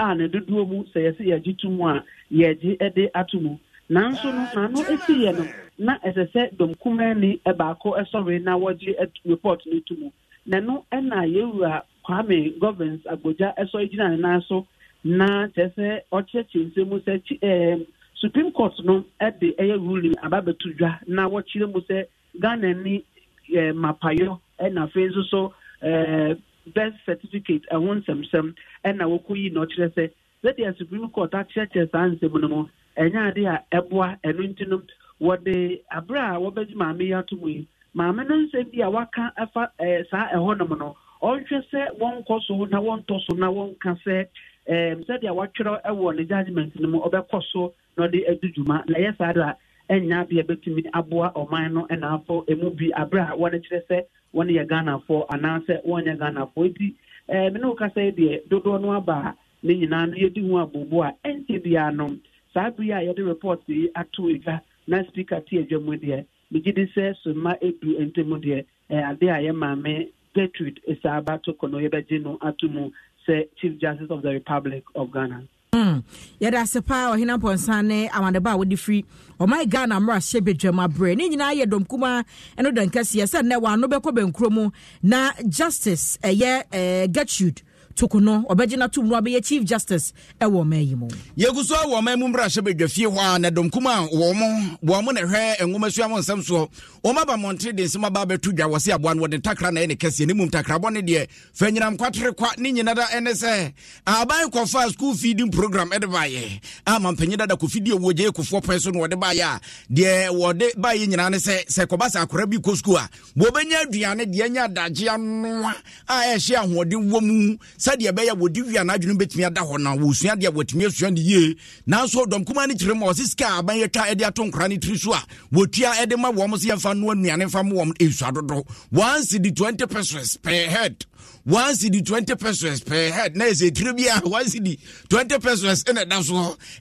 a ne dodoɔ mu sɛ yɛsɛ yɛgye a yɛgye de ato nanso no n'ano esi yɛ no na ɛsɛ sɛ domkumani baako sɔre na wɔgye report no to mu n'ano na yɛwura kwame governance agbogya sɔre gyina ne nan so na kyerɛ sɛ ɔkyerɛkyerɛ nsɛm sɛ ɛɛ supreme court no de ɛyɛ ruling aba abɛto dwa na wɔkyerɛ mu sɛ ghana ni ɛɛ mapayɔ ɛna afei nso so ɛɛ birth certificate ɛho nsɛmsɛm ɛna yi na ɔkyerɛ sɛ sɛdeɛ supreme court akyerɛkyerɛ saa nsɛm no mu. ɛnyɛ ade a ɛboa ɛno nti no wɔde abere a wɔbɛgye maame yi ato mu yi maame no nsɛm bi a waka afa ɛɛ eh, saa ɛhɔnom no ɔnhwɛ sɛ wɔnkɔ so na wɔntɔ so na wɔnka sɛ ɛɛm eh, sɛdeɛ wɔatwerɛ ɛwɔ ne judgement no mu ɔbɛkɔ so na ɔde adi dwuma na ɛyɛ saa de a ɛnya aboa ɔman no ɛna afɔ bi abere a sɛ wɔn yɛ ghanafoɔ anaasɛ wɔn yɛ ghanafoɔ eh, yi deɛ dodoɔ no aba ne nyinaa no saa bere a yɛde report yi ato egya na speaker te adwa mu deɛ megye di sɛ soma edu ntam deɛ ade a yɛ maame gertrude esa abato kɔnɔ yɛbɛgye no ato mu sɛ chief justice of the republic of ghana. yɛde ase paa ɔhene mpɔnsa ne amadeba a wɔde firi ɔman ghana mmarahyɛ badwam aberɛ ne nyinaa yɛ dɔmkuma ɛno dɛnkɛseɛ sɛ nnɛ wɔano bɛkɔ bɛnkuro mu na justice ɛyɛ eh, eh, gertrude toko no ɔbɛgyina tom no abɛyɛ chief justice ɛwɔ ɔma yi mu yɛgu so wɔ ɔma mu mmrahyɛ badwafie hɔ a na dɔmkum a wɔ mo mo na ɛhwɛ nwoma sua mo nsɛm soɔ ɔma ba mmɔntere de nsɛm aba abɛto dwa wɔ se aboa no wɔde ntakra na ɛyɛ ne kɛseɛ ne mum takrabɔ ne deɛ fa nyinam kwatere kwa ne nyina da ɛne sɛ aban kɔfaa school feeding program ɛde baayɛ ama mpanyin dada kɔfidi owuo gye kofoɔ pɛn so na wɔde baayɛ a deɛ wɔde baayɛ nyinaa ne sɛ sɛ kɔba sɛ akora bi kɔ school a wɔbɛnya aduane deɛ nya adagye anoa a ɛhyɛ ahoɔden wɔ mu sɛdeɛ ɛbɛyɛ wɔdi wia n'adwene bɛtumi ada hɔ na wɔsua deɛ wɔtumi asua ne yie nanso dɔnkuma no kyerɛ ma ɔse sika a abɛnyɛtwa de ato nkora no tiri so a wɔtua de ma wɔm sɛ yɛmfa noa nnuane mfa ma wɔm dodo once di 20 pesos per head one cd twenty pesos per head na ɛsɛ tire bi a one cd twenty pesos ɛna ɛda so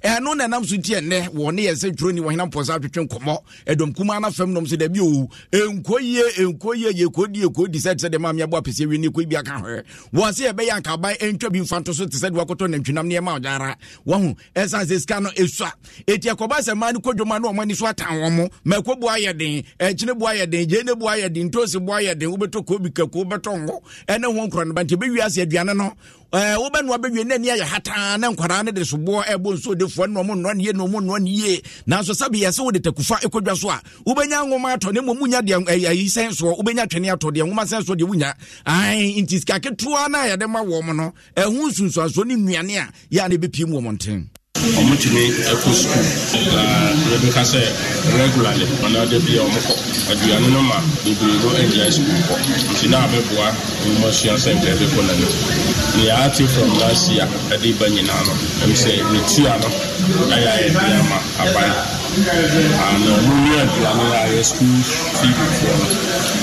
ɛno e na ɛnam so ti ɛnɛ wɔ ne yɛ sɛ twerɛni wɔhena mpɔsa atwetwe nkɔmmɔ ɛdɔm e kuma ana fam nom so dɛbi o ɛnkɔ e yie ɛnkɔ yie yɛ kɔ di yɛ kɔ di sɛ sɛ dɛm a miabɔ apɛsɛ wie ne kɔ bi aka hɔ wɔn se yɛbɛyɛ nkaban ɛntwa bi nfa nto so te sɛ de wakɔtɔ nantwinam nneɛma ɔgya wɔn ho ɛsan sɛ sika no esua eti ɛkɔba sɛ maa ne kɔdwoma no wɔn ani so atan wɔn mo mɛko bu ayɛ den ɛkyene bu ayɛ den gyeene bu ayɛ den ntoosi bu ayɛ den wobɛtɔ kobi kɛkɔ wobɛtɔ nkɔ ɛne wɔn korɔ no ba nti bɛwie ase aduane no eh, wobɛnoa bɛwie na ani ayɛ hataa na nkwaraa no de soboɔ ɛbɔ nsuo de foɔ nnɔm nnɔ ne yie na ɔmo nnɔ ne yie nanso sabi yɛ sɛ wode takufa ɛkɔdwa so a wobɛnya nwoma atɔ na mmom wonya deɛ eh, ayi sɛn soɔ wobɛnya twene atɔ deɛ nwoma sɛn soɔ deɛ wonya ae nti sika ketewa no a yɛde ma wɔ m no ɛho nsunsuansoɔ ne nnuane a yɛ a na ɛbɛpiem wɔ mɔnten ɔmotumi ɛkɔ sukuu na yɛbɛka sɛ regularly ɔno ade bi a ɔmokɔ aduane no ma bebree no anyae sukuu kɔ nti na abɛboa nwoma sua sɛ nka ɛbɛkɔ n'anim ne yɛate from last year ɛde ba nyinaa no ɛm sɛ ne tua no ɛyɛ a yɛde ama aban ana ɔmo ne aduane a yɛ sukuu fee foɔ no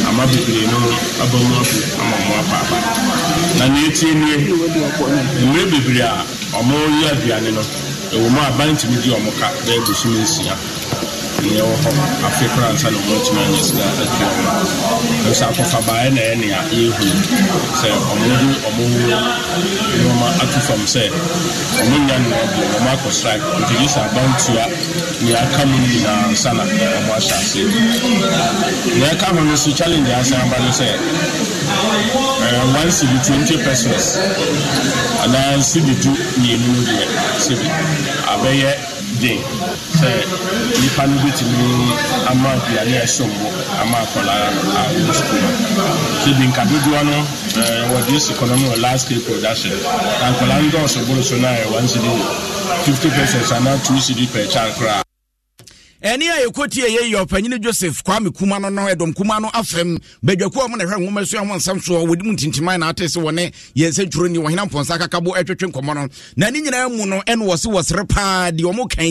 ama bebree no aba mu afo ama ɔmo apa aba na ne etie nie mmerɛ bebree a ɔmo yɛ aduane no ɛwɔ mu a ban tumi di wɔn ka bɛyɛ bosom nsia ɛnyɛ wɔ hɔ afe kora nsa na wɔatumi anyɛ sika atwa ho sɛ akɔfabaeɛ na ɛyɛ nea yɛhu sɛ ɔmohu ɔmohu nneɔma ato fam sɛ ɔmo nya nnea bio ɔmo akɔ strike nti gye sɛ abantua nea aka mu nyinaa nsa na ɔmo ahyɛ ase nea ɛka ho no so challenge asan aba no sɛ one cd twenty persons anaa cd du mmienu deɛ sɛ bi abɛyɛ den sɛ nipa no bɛtumi ama aduane a mu ama akwadaa a ɔwɔ sukuu no so dinka dodoɔ no ɛɛ wɔde esi kɔnɔ mu wɔ last day production na akwadaa no dɔɔso bolo so na ɛwɔ nsidi fifty percent anaa two cd per child koraa. ɛne a yɛkɔtie yɛ yɛ ɔpanyine joseph kwame kuma no no ɛdɔm kuma no afɛm badwako a mo na hwɛ nwoma so aho nsɛm so wɔde mu ntintima na ate sɛ wɔne yɛnsɛ twuro ni wɔhena mpɔnsa kakabo ɛtwetwe nkɔmmɔ no na ne nyinaa mu no ɛne wɔ se wɔsere paa deɛ ɔmo kan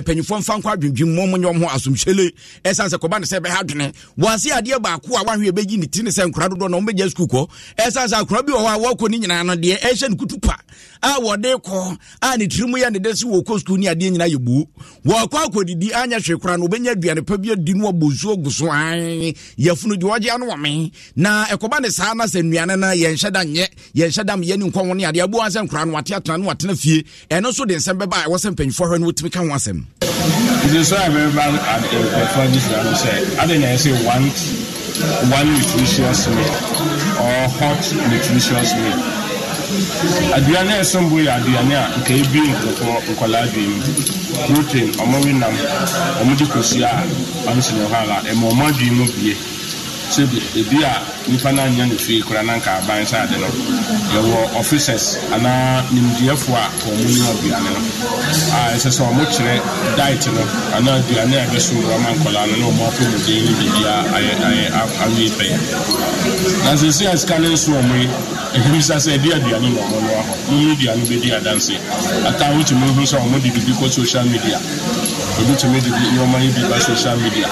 ɛpanyifoɔ mfa nkɔ adwendwim mo ɔmonyɛ ɔmo ho asomhyele ɛsiane sɛ kɔba ne sɛ ɛbɛha adwene wɔase adeɛ baako a wahwe ɛbɛgyi ne ti ne sɛ nkora dodoɔ na ɔmbɛgya sukuu kɔ ɛsiane sɛ akora bi wɔ hɔ a wɔkɔ ne nyinaa no deɛ ɛhyɛ ne kutu pa a wɔde kɔ a ne tiri mu yɛ ne dɛ sɛ wɔkɔ sukuu ne adeɛ nyinaa yɛ buo wɔkɔ akɔdidi anyɛ hwɛ hwee koraa no wobɛnya aduane pa bi adi no abɔsuo gu so ae yɛfunu deɛ ɔgye ano wɔme na ɛkɔba ne saa na sɛ nnuane no yɛnhyɛ da nyɛ yɛnhyɛ da myɛ nkɔ ho ne adeɛ abua sɛ nkora no wate atena no watena fie ɛno so de nsɛm bɛba a ɛwɔ sɛ mpanyimfoɔ hwɛ no wɔtumi ka ho asɛm a performance I said, say one, one nutritious meal or hot nutritious meal. aduane a ɛsom bo yɛ aduane a nka ebi nkurɔfoɔ nkwadaa bi mu protein ɔmo we nam ɔmo de kosua ɔmo si ne hɔ ara ɛmo ɔmo adwene mu bie. sɛbi ebi a nipa naa nya ne fie kora na nka aban sɛ ade no yɛwɔ officers anaa nimdiɛfoɔ a wɔn mu nyɛ aduane no a ɛsɛ sɛ wɔn kyerɛ diet no anaa aduane a ɛbɛso wɔn ama nkɔlaa no na wɔn akɔ mu den ne biribi a ayɛ ayɛ awie pɛyɛ na sɛsi a sika ne nso wɔn yi ebi sa sɛ ɛdi aduane na wɔn no ahɔ wɔn mu aduane bɛ di adanse ata a wotumi ho sɛ wɔn de bibi kɔ social media ebi tumi de bi nneɛma yi bi ba social media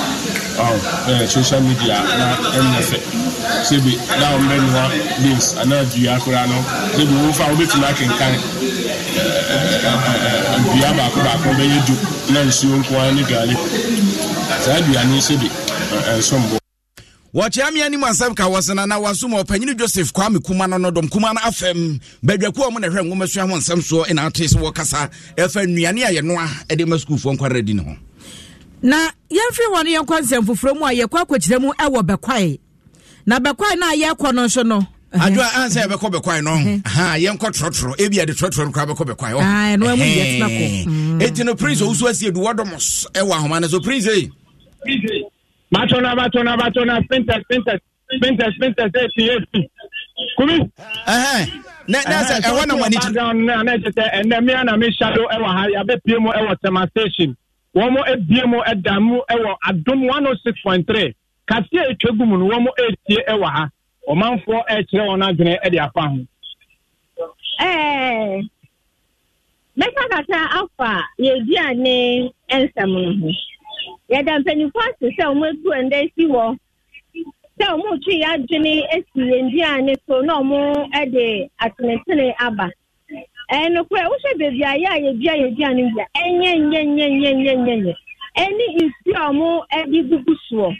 ɔ ɛɛ social media na ɛnyɛ fɛ sebi na nua beans anaa dua koraa no sebi wɔn fa wɔbɛtumi akenkan dua baako baako bɛyɛ du na nsuo nkoa ne gaari saa aduane sebi ɛnsom bɔ. wɔkyea me anim asɛm ka wɔ sena na waso ma ɔpanyine joseph kwame kuma no no dɔm kuma no afam badwaku a ɔmo na hwɛ nwoma sua ho nsɛm soɔ ɛna ate sɛ wɔkasa ɛfa nnuane a yɛnoa ɛde ma sukuufoɔ nkwaradi ne ho na yɛmfiri hɔ no yɛnkɔ nsɛm foforɔ mu a yɛkɔ akɔkyerɛ mu ɛwɔ bɛkwae na bɛkwae no a yɛkɔ no nso no adwo a ansa yɛbɛkɔ bɛkwae no yɛnkɔ torɔtorɔ ebia de torɔtorɔ no kora bɛkɔ bɛkwae ɛnti no prince ɔwusu asie ɛwɔ ahoma no so prince ei kumi na ɛnɛ mi ɛwɔ ha mu ɛwɔ wɔn abie mu da mu wɔ adom one oh six point three kaseɛ etwa gu mu no wɔn wɔ ha ɔmanfoɔ ɛrekyerɛ wɔn adwene de afa ho. ɛɛ mɛka afa yɛdi ane nsɛm no ho yɛda mpanyinfoɔ ase si wɔ sɛ wɔn retwi adwene esi so na wɔn de atenetene aba. ɛnukura wohwɛ beebi a yɛ a yɛbi a yɛdi a ɛnyɛ nyɛ ɛne nsuo a ɔmo ɛde gugu soɔ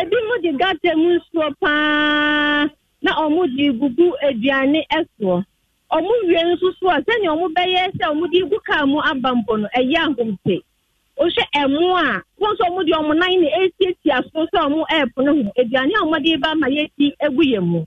ebi mo de gata mu nsuo paa na ɔmo de gugu aduane ɛsoɔ ɔmo wie nso soɔ sɛnea ɔmo bɛyɛ sɛ ɔmo de gu kaa mu aba mbɔ no ɛyɛ ahomte ɛmo a wɔn nso ɔmo de ɔmo nan na esiesie aso sɛ ɔmo ɛɛpo ho aduane a ɔmo de ba ma yɛ ti egu yɛ mu.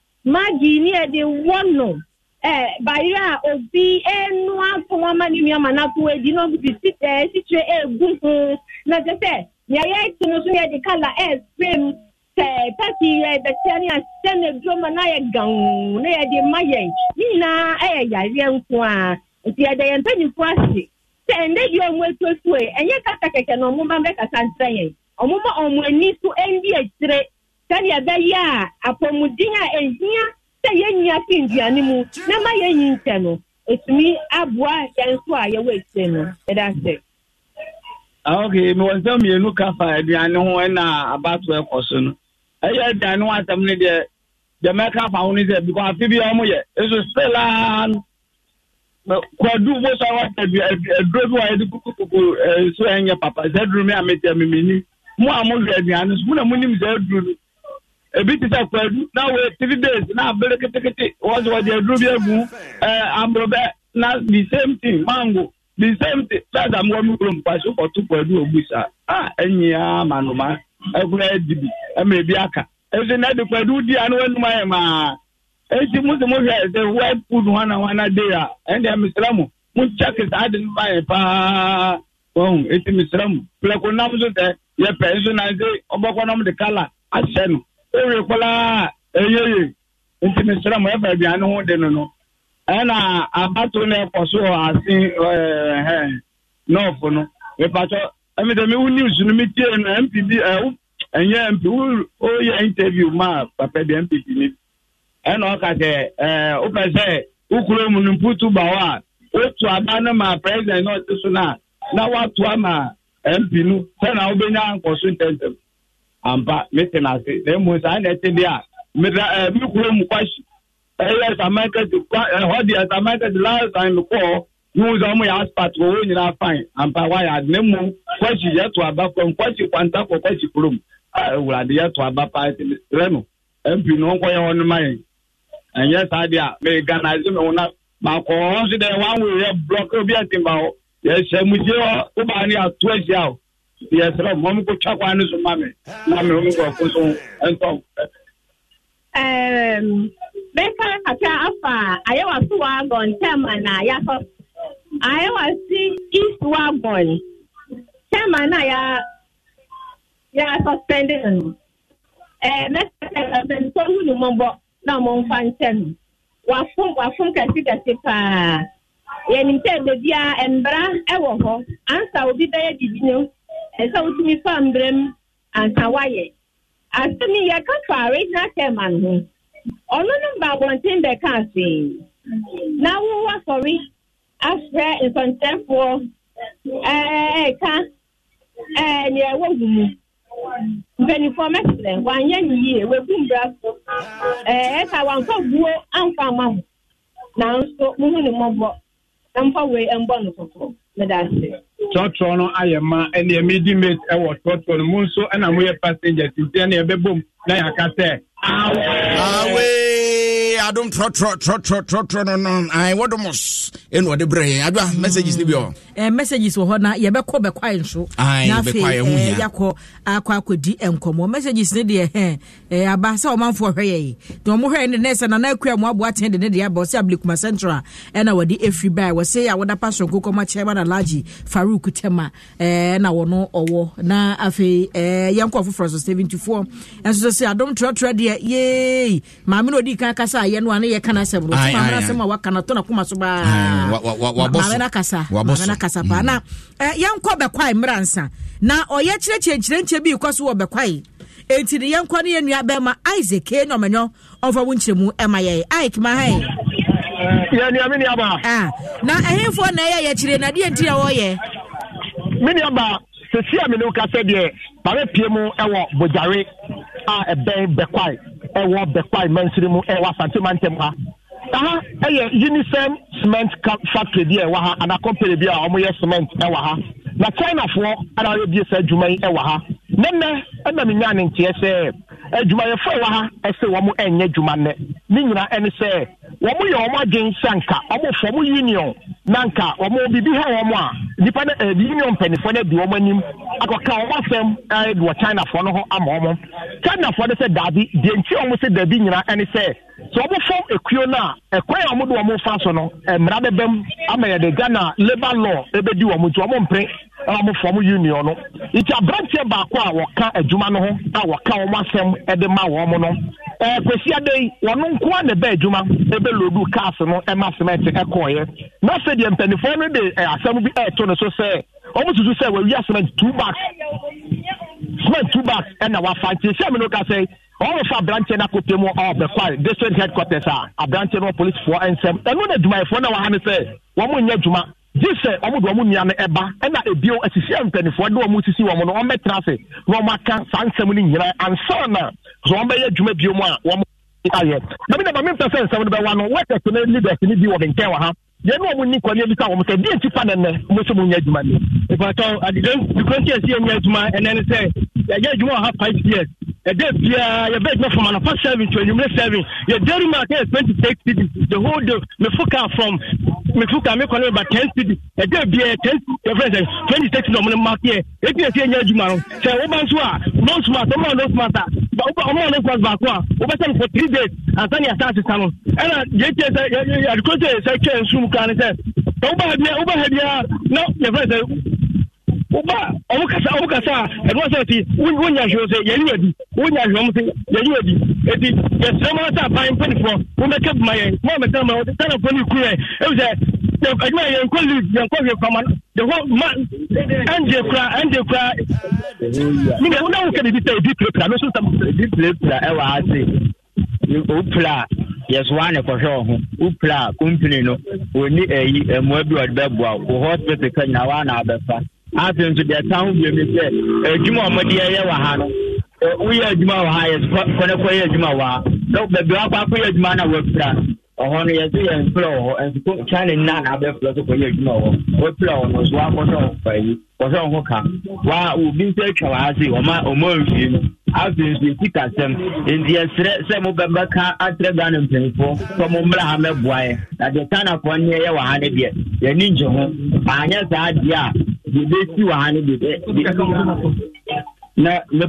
maggi ni ɛde wɔnom ɛɛ bayerɛ a obi enua fɔmɔma ne nua ma n'ato edi na obi si ɛɛ titire egu ho na kyerɛ sɛ nea yɛrekyi no nso yɛde kala ɛɛspray mu sɛ pɛti yɛ bɛtia ne ahyɛ na eduro ma na yɛ gaŋ na yɛde ma yɛn ne nyinaa ɛyɛ yareɛ nko a nti yɛde yɛn mpanyinfo ase sɛ ɛnde deɛ ɔmo etuetue ɛnyɛ kasa kɛkɛ na ɔmo ma bɛkasa nkyerɛ yɛn ɔmo ma ɔmo ani so ɛndi akyire sɛdeɛ ɛbɛyɛ a apɔmuden a ɛhia sɛ yɛnyia fi nduane mu na ma yɛnyi nkyɛ no ɛtumi aboa yɛn so a yɛwɔ akyire no ɛda sɛ ah, ok mewɔ nsɛm mmienu ka fa aduane ho ɛna abato ɛkɔ so no ɛyɛ aduane ho asɛm no deɛ deɛ mɛka fa ho no sɛ because afe bi a ɔmo yɛ ɛso selaa no kwadu bo sɛ aduro bi wɔ yɛde kukukuku nso eh, ɛnyɛ papa sɛ aduro mi a metɛ mimini mo a mo hwɛ aduane so mo na mo nim sɛ aduro no ebi ti sɛ kwadu na wee three days na abere ketekete wɔsi wɔdi aduro bi egu na the same thing mango the same thing that's am wɔn kurom paṣẹ kɔtu kwadu ogu sa a enyia manoma ebi aka esi na ɛdi kwadu di anu enum ayɛ maa esi hwɛ de a ɛnna ɛmi sira mu mu adi yɛ paa wɔn esi mi sira mu nam so sɛ yɛ pɛ nso na se nam de kala ewekwala eyeye nti mesrɛ mo ɛfa e aduane ho ɛna e abato na e so ɛɛ eh, eh, nɔɔfo news ɛnyɛ mp oyɛ interview ma papa deɛ mpp ni ɛna ɔka sɛ ɛɛ eh, wopɛ sɛ wokuro mu no mputu ba a aba ma president na ɔte so no na ama mp sɛ ampa mete n'ase na emu eh, eh, eh, saa na ɛte de a mmeda ɛɛ mi mu kwasi ɛyɛ samankɛti kwa ɛhɔ deɛ samankɛti last time kɔɔ nuhu sɛ ɔmo yɛ aspat wɔ wɔn nyinaa fine ampa wayɛ adi na emu kwasi yɛ to aba fam kwasi kwanta kɔ kwasi kurom ɛwurade yɛ to aba paa ɛte rɛ no mp na ɔnkɔ yɛ hɔ no ma yɛn ɛnyɛ saa deɛ a mɛ ghana ɛsɛ mɛ wɔn na ma kɔɔ nso deɛ wɔn awo yɛ blɔk obi ɛte ma hɔ yɛ hyɛ mu yɛsrɛ ma ɔmo kotwa kwan no so ma me na me ho nkurɔfo so ntɔ mɛka kakra afa ayɛwaso wagon chairman a yɛakɔ ayɛwasi east wagon chairman na yɛ yɛasuspende eh, no mɛsɛsɛsɛmpɛnsɛ hu ne mmɔbɔ na ɔmo mfa nkyɛ no wafom wafom kɛsekɛse paa yɛnim sɛ bebia mbra ɛwɔ hɔ ansa obi bɛyɛ dibi no ɛsɛ wotumi fa mbrɛ anka wayɛ asɛm yɛka fa regional chairman ho ɔno no ba abɔnten bɛka asee na wowɔ asɔre afrɛ nsɔnkyerɛfoɔ ɛɛka eh, eh, ɛɛ eh, ɛwɔ gu mu mpanimfoɔ mɛsrɛ wanyɛ ne yie wagu mbra so ɛka wamfa guo amfa ama ho nanso muhu ne mmɔbɔ na mfa wei mbɔ no kɔkɔɔ trɔtrɔ no ayɛ ma ɛnna ɛmi di mate ɛwɔ trɔtrɔ no mu nso ɛna mo yɛ passengers nti ɛna ɛbɛbom na yɛ aka sɛ awe adom trɔtrɔtrɔtrɔtrɔ no no wɔdomos ɛna ɔde berɛ yɛn adwa mm. messages no bi ɔ messages wɔ hɔ na yɛbɛkɔ bɛkwae nso na afei yɛakɔ akɔ akɔdi nkɔmmɔ messages no deɛ hɛ aba sɛ ɔmanfoɔ hwɛ yɛ na ɔmo hwɛ ne nɛ sɛ nana akua mu aboa ten de ne deɛ aba ɔsɛ ablekuma central ɛna wɔde ɛfiri bae wɔ sɛ a wɔda pa sonko kɔma chairman alagye faruk tɛma na wɔno ɔwɔ na afei yɛnkɔ foforɔ so 74 ɛnso sɛ sɛ adom trɔtrɔ deɛ yei maame no ɔdi kan kasa deɛ no a ne yɛka no asɛm no ɔtumamra asɛm a waka no to na koma na yɛnkɔ bɛkwae mmra nsa na ɔyɛ kyerɛkyerɛkyerɛ nkyɛ bi rekɔ so wɔ bɛkwae enti de yɛnkɔ ne yɛnnua bɛma isaac ke na na ɛhemfoɔ na ɛyɛ yɛkyerɛ na deɛ nti a wɔyɛ me neaba sɛsi a mene wo ka a ɛbɛn bɛkwae ɛwɔ bɛkwae mɛnsiri mu ɛwɔ asantema ntɛm ha aha ɛyɛ unifem cement factory bi a ɛwɔ ha ana company bi a yɛ cement ɛwɔ ha na chinafoɔ ana wɔyɛ bie saa adwuma yi ɛwɔ ha ne nnɛ ɛna menya ne nteɛ sɛ e adwumayɛfoɔ ɛwɔ ha ɛsɛ wɔn ɛnyɛ adwuma nnɛ ne nyinaa ɛne sɛ wɔn yɛ wɔn agye nsanka wɔn fɔ union nanka wɔn bibi ha wɔn a nipa ne eh, ɛɛ union mpanyinfoɔ ne di wɔn anim akɔka wɔn asɛm ɛɛ wɔ chinafoɔ no ho ama wɔn chinafoɔ de sɛ daabi deɛ nti wɔn sɛ daabi nyinaa ɛne sɛ sɛ wɔn fɔm ekuo no a ɛkwan a wɔn de wɔn fa so no ɛmira eh, bɛ bɛm ama yɛde ghana labour law ɛbɛdi wɔn nti wɔn mpere ɛna wɔn fɔm union no nti aberanteɛ baako a wɔka adwuma no ho a wɔka wɔn asɛm ɛde ma wɔn no ɛɛ eh, kwesi adeyi wɔn nko a na ɛbɛ adwuma deɛ mpanimfoɔ no de asɛm bi ɛɛto ne so sɛ wɔn susu sɛ wɔawia cement two bags cement two bags ɛna wafa nti sɛ mi no ka sɛ wɔn fa aberanteɛ no akɔpɛ mu a ɔbɛkɔ district headquarters a aberanteɛ no wɔ polisifoɔ nsɛm ɛno na adwumayɛfoɔ no wɔ ne sɛ wɔn nyɛ adwuma gye sɛ wɔn de wɔn nua no ɛba ɛna ebio asisi mpanimfoɔ de wɔn sisi wɔn no wɔn bɛtena ase na wɔn aka saa nsɛm no nyinaa ansa na wɔn bɛyɛ adwuma bio mu a wɔn ayɛ na mi na maame mpɛ sɛ nsɛm no bɛwa no wɔn tɛtɛ ne leaders ni bi wɔ ne wɔ ha yẹn náà mo ní kọ́ni ẹbí sáwọn sẹ díẹ̀ ti fa nẹ̀nẹ̀ mo sọ mo ń yẹ adwuma ni. ìbátan àdìgbẹ́ ìkúrẹ́ntì ẹ̀sìn ẹ̀yìn adwuma ẹ̀nẹ́ni sẹ́ yẹ̀yẹ adwuma ọ̀ha five years ẹ̀dẹ́ bíà yẹ̀bẹ́ adwuma from anafa seven to enyimire seven yẹ dairy mark ẹ̀ twenty six cities the whole day mi fuka from mi fuka mi kọ́ni ba ten cities ẹ̀dẹ́ bíà ten reference twenty six cities ọ̀mọ́ni mark yẹ ẹ̀dẹ́ ẹ̀sìn ẹ̀yìn adwuma no sẹ ɔmo ɔne kɔs baako a wobɛsɛ no for three days ansa ne asase sa no ɛna yɛtie sɛ adekote sɛ twɛ nsum kra ne sɛ sɛ wobaa bia wobɛha biara na yɛfrɛ sɛ woba ɔmo kasa ɔmo kasa a ɛno sɛ ti wonya hwɛ sɛ yɛni wadi wonya hwɛ ɔmo sɛ yɛni wadi eti yɛsrɛ mo sɛ aban mpanyinfoɔ wɔn bɛka buma yɛn mo a mɛka ma wɔde sanafo ne kuru yɛn ebi sɛ adwuma yɛn kɔ league yɛn kɔ hwɛ fama the whole ma ɛnde kura ɛnde kura nígbà wọn náà wọkẹ bíbí sẹ ebi pèrè pèrè alóso sàm ebi pèrè pèrè ɛwà é o pèrè a yɛsoa ne kɔhwɛ wɔ ho o pèrè a company no wɔni ɛyi ɛmoa bi ɔde bɛboa o hospital ka nyina waa na abɛfa afei nso deɛ ɛka ho biom sɛ adwuma a wɔde ɛyɛ wɔ ha no woyɛ adwuma wɔ ha yɛsɛ kɔnɛ kɔyɛ adwuma wɔ ha bɛbi wakɔ akɔyɛ adwuma na wapira ɔhɔ no yɛso yɛ mplɛ wɔ hɔ ɛnso kyane nna na abɛflɛ so kɔyɛ adwuma wɔ waplɛ wɔ no so woakɔsɛ ɔfayi wɔsɛ wo ho ka wa obi nso atwa waase ɔma ɔma mfie no afei nso ɛti kasɛm enti yɛserɛ sɛ mobɛbɛka atrɛ ghana mpanimfoɔ sɛ mommra ha mɛboa yɛ na deɛ tanafoɔ nneɛ yɛ wɔ ha no deɛ yɛni ngye ho anyɛ saa deɛ a deɛ bɛsi wɔ ha no deɛ na na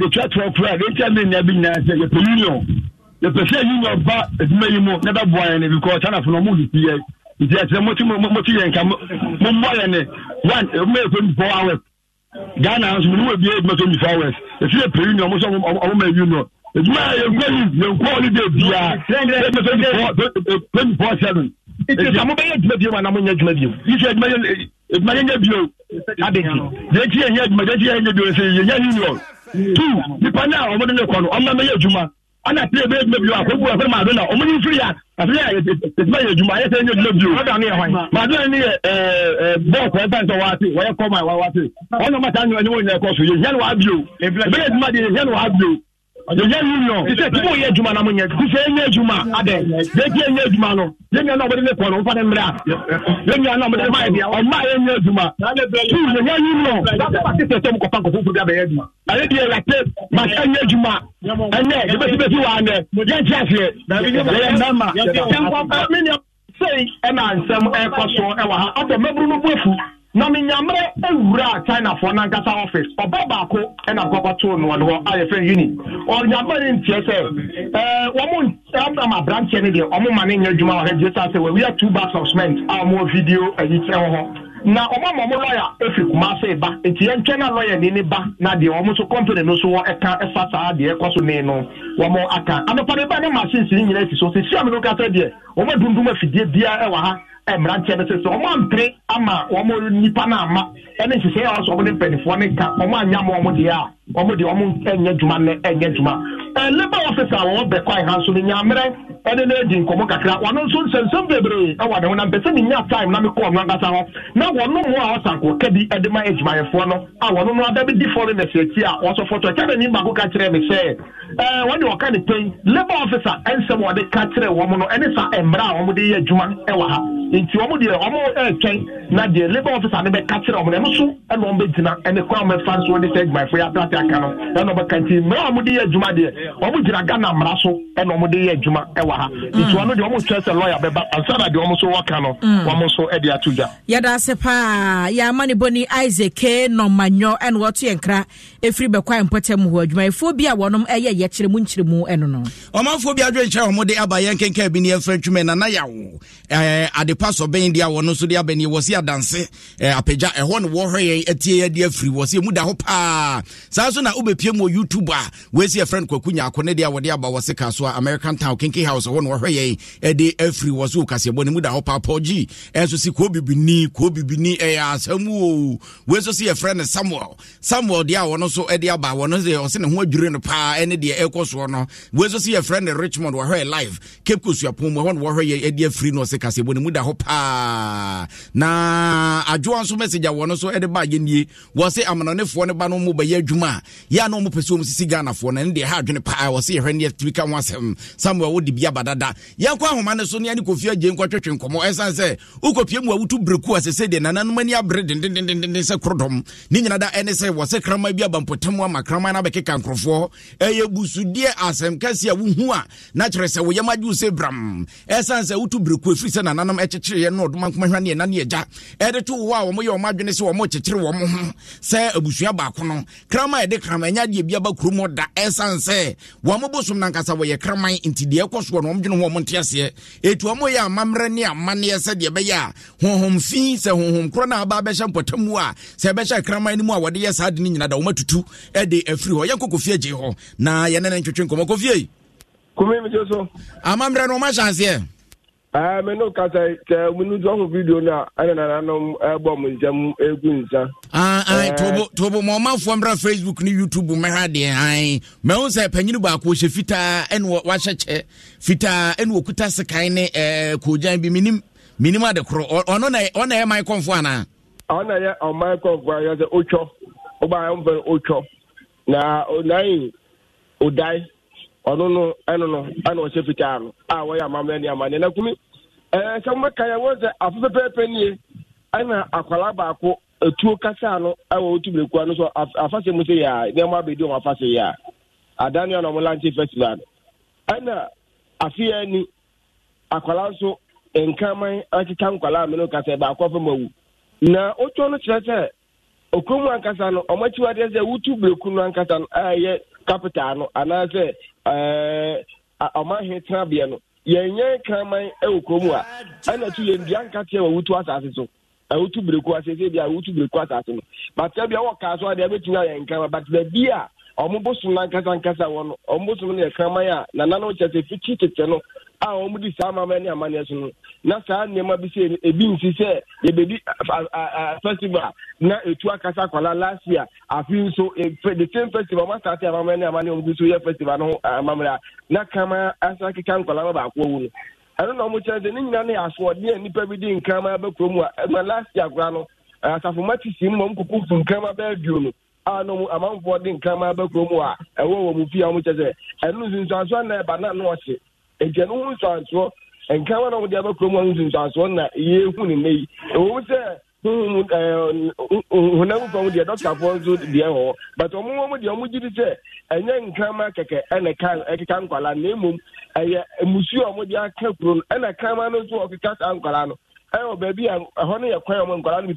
de twɛtoɔ kora a bɛtia menna bi nyinaa sɛ yɛpɛ union yɛpɛ sɛ ba adwuma yi mu na bɛboa yɛn ne because chanafo no ɔmo de si yɛ nti ɛkyerɛ moti moti yɛn mommɔ yɛn ne one ɔmo yɛ twenty four hours ghana nso mu ebie edwuma twenty four hours efi yɛ pɛ union ɔmo sɛ ɔmo ma union edwuma yɛ nkɔ yi yɛ nkɔ ɔli de bia edwuma twenty four twenty four seven. nti sɛ mo bɛyɛ adwuma bio ma na mo nyɛ adwuma bio. yi sɛ adwuma yɛ adwuma yɛ nyɛ bio. abeti. yɛn ti yɛ nyɛ adwuma yɛn ti yɛ nyɛ bio sɛ yɛ nyɛ union. two nipa naa ɔmo de ne kɔ no ɔmo ma yɛ adwuma ana tẹ ebe ebi ebi wa ko buwa fẹrẹ maadona ọmọ ní firi ya àfihàn yà ètùmá yẹ juma ayẹsẹ ẹni ẹdúró bio maadona ni ẹ ẹ bọọlù kọ ẹfẹ nsọ wa ti wọyẹ kọma wa wa ti wọn nọ mọta ni wọn ni wọn yẹ kọ so yẹ yẹn wàá bio ebe yẹ juma di yẹ yẹn wàá bio yɛyɛ union ti sɛ tibu yɛ adwuma na mo nyɛ ti sɛ yɛnyɛ adwuma adɛ yɛdi yɛnyɛ adwuma no yɛnyɛ e na ɔbɛde ne kɔ no nfa ne mmerɛ a yɛnyɛ na ɔbɛde ne ma yɛ ɔma yɛnyɛ adwuma tu yɛnyɛ union dapɛ ma ti sɛ sɛ mo kɔfa nkɔfo fo bi abɛyɛ adwuma ale deɛ late ma sɛ nyɛ adwuma ɛnɛ yɛbɛsibɛsi wa anɛ yɛnti aseɛ yɛyɛ mɛma sɛ ɛna nsɛm ɛkɔ so ɛwɔ ha ɔtɔ mɛburu no bu afu na menyammerɛ awura chinafoɔ nankasa office na baako ɛna kɔkɔtoo noɔ no hɔ ayɛ fɛ uni ɔnyammerɛ no ntiɛ sɛ wɔmo abram ndị no deɛ ɔmo ma ne nyɛ adwuma wɔhɛ gye sa wee wɔawia two bags of cement a ɔmo video ayi kyerɛ hɔ na ɔmo ama ɔmo lɔya efi kuma se ba na lɔya ni ba na deɛ nso aka anopade ba ne machines ne nyinaa si so sisi amino kasa deɛ ɔmo adundum afidie biara ɛwɔ ha mmeranteɛ no sɛ ɔmo ampere ama ɔmo nipa no ama ɛne nhyehyɛ yɛ ɔsɔ ɔmo ne mpanyinfoɔ ne nka ɔmo anya ma ɔmo deɛ a ɔmo deɛ ɔmo ɛnyɛ dwuma ne ɛnyɛ dwuma ɛɛ labour officer a wɔwɔ bɛkwa ɛha nso no nyamerɛ ɛne no adi nkɔmɔ kakra wɔn nso nsɛnsɛm bebree ɛwɔ ne ho na mpɛsɛ mi nya time na mi kɔ ɔno ankasa hɔ na wɔn mo a ɔsanko kɛbi ɛde ma adwumayɛfoɔ no a wɔn no ada bi di foreigners akyi a wɔsɔ fɔtɔ kyɛ bɛni baako ka kyerɛ mi sɛ ɛɛ wɔn deɛ ne pɛn labour officer ɛnsɛm wɔde ka kyerɛ wɔn no ɛne sa mmerɛ a wɔn de yɛ adwuma ɛwɔ ha nti wɔn deɛ wɔn ɛretwɛn na deɛ labour officer no bɛka kyerɛ wɔn ɛno nso ɛna wɔn bɛgyina ɛne kwan wɔn ɛfa nso de sɛ adwumayɛfo yɛ atrate aka no ɛna wɔbɛka nti mmerɛ wɔn de yɛ adwuma deɛ wɔn gyina ghana mmara so ɛna wɔn de yɛ adwuma ɛwɔ ha nti wɔn deɛ wɔn kyerɛ sɛ lɔya bɛba ansa na deɛ wɔn nso wɔka no wɔn mm. nso ɛde ato dwa. yɛda ase paa yɛ amanibɔni isaac k nɔmanyɔ ɛna wɔto yɛn kra efiri bɛkwa mpɔtɛm aba sɔbɛn deɛ wɔn nso de aba nie wɔ si adanse ɛɛ apagya ɛhɔ no wɔhwɛ yɛn ɛtie yɛ de afiri wɔ si emu da hɔ paa saa nso na wobɛpie mu wɔ youtube a wɔasi ɛfrɛ no kwaku nyaako ne deɛ wɔde aba wɔ si kaa so a american town kinky house ɛhɔ no wɔhwɛ yɛn ɛde eh, afiri eh, wɔ si okasiɛbɔ ne mu da hɔ paa pɔgye eh, ɛnso si kuro bibini kuro bibini ɛyɛ asɛm o wɔn nso si ɛfrɛ no samuel samuel deɛ wɔn nso de aba wɔn nso ɔsi ne ho adwiri no paa ɛne deɛ ɛrekɔ soɔ no wɔn nso si ɛfrɛ no richmond wɔhwɛ live cape coast apɔn mu ɛhɔ no wɔhwɛ yɛn ɛde afiri no ɔsi kasiɛbɔ ne mu da hɔ hɔ paa na adwoa nso message a wɔno nso de ba yɛnie wɔ sɛ amanɔnefoɔ no ba no mu bɛyɛ adwuma a yɛ a na ɔmopɛ sɛ ɔm sisi ghanafoɔ no ɛne deɛ ha adwene paa wɔ sɛ yɛhwɛ neɛ tumi ka ho asɛm samuel wode bia badada yɛnkɔ ahoma no so ne ane kɔfie agye nkɔtwetwe nkɔmmɔ ɛsiane sɛ wokɔpie mu a woto berɛku a sɛ sɛdeɛ nananom ani abere dendendenden sɛ korodɔm ne nyina da ɛne sɛ wɔ sɛ krama bi abampɔtam ama krama no abɛkeka nkurɔfoɔ ɛyɛ busudeɛ asɛm kɛse a wohu a na kyerɛ sɛ woyɛm agye wo sɛ bram ɛsiane sɛ woto berɛku ɛfiri sɛ nananom ɛkyɛ kyekyereɛ no ɔdoma nkomahwa ne ɛna ne agya ɛde to wo a wɔmoyɛ ɔmo adwene sɛ wɔmokyekyere wɔ mo ho sɛ abusua baako no krama ɛde krama ɛnyɛ adeɛ biaba kurom da ɛsiane sɛ wɔmo bosom nankasa wɔyɛ kraman nti deɛ ɛkɔ soɔ no ɔmdwene ho ɔmo nte aseɛ ɛtu ɔmo yɛ amammerɛ ne amanneɛ sɛdeɛ ɛbɛyɛ a honhom fi sɛ honhom korɔ no aba bɛhyɛ mpɔtam mu a sɛ ɛbɛhyɛ kraman no mu a wɔde yɛ saa de no nyina da wɔmatutu ɛde afiri hɔ yɛnkɔ kɔfie agye hɔ na yɛne ne ntwetwe nkɔmmɔ kɔfie kumi mi jo so. amammerɛ no ɔmahyɛ aseɛ mene kasa sɛ munu so ho video no a na nananom ɛbɔ mo nsɛm ɛgu nsa tobo ma ɔmafoɔ mmra facebook ne youtube mɛha deɛ ae mahu sɛ panyini baako ɔhyɛ fitaa ɛne wahyɛ kyɛ fitaa ne bi ade na ɛyɛ man kɔmfoɔ anaa ɔna na fitaa a sɛ eh, mobɛka yɛ wɔ sɛ afo pɛpɛɛpɛ nie ɛna akwaraa baako atuo kasa no ɛwɔ wotu berekua no so afasɛ mu sɛ yɛ a nneɛma abɛdi ɔm afasɛ yɛ a adane a na ɔmo lante festival no ɛna afeɛ ni akwaraa nso nkraman akeka nkwaraa mene kasa baako afa ma wu na wotɔ no kyerɛ sɛ okurom ankasa no ɔmo akyiwadeɛ sɛ wotu bereku no ankasa no a ɛyɛ capital no anaasɛ ɛɛ eh, ɔmo ahe tenabeɛ no yɛnyɛ kraman wɔ kurom a ɛna to yɛn nkateɛ wɔ wotu asase so awotu bereku asese bi a awotu bereku asase no batea a so a deɛ ɛbɛtumi ayɛ nkrama but baabi a ɔmo bosom no ankasa ankasa wɔ no ɔmo bosom no yɛ kraman a nananom kyɛ sɛ fiti tete no a wɔn di saa amama ne amanneɛ so no na saa nneɛma bi sɛ ebi nsi sɛ yɛbɛdi festival na etu akasa akwadaa last year afi nso e, the same festival wɔn asate amama ne amanneɛ wɔn nso yɛ festival no amammerɛ na kama asa keka nkwadaa baako wu no ɛno na wɔn kyerɛ sɛ ne nyinaa ne yɛ asoɔden a nipa bi di nkraman bɛ kurom a ɛma last year koraa no asafo mati si mu wɔn koko fu nkraman bɛɛ duo no a na wɔn amanfoɔ de nkraman bɛ kurom a ɛwɔ wɔn fie a wɔn kyerɛ sɛ ɛno nso nso aso anan ɛba na ano ɔhyɛ nti ɛno e eh, ho nsuansoɔ nkama na wɔde aba kurom a na yɛhu ne nna yi ɛwɔ sɛ honam fam ọmụdị dɔktafoɔ nso deɛ hɔ but ɔmo wɔ mu di sɛ ɛnyɛ nkwala na mmom ɛyɛ musuo ọmụdị aka kuro no ɛna krama no nso ɔkeka saa nkwala no ɛwɔ baabi a ɛhɔ ya ọmụ nkwala bi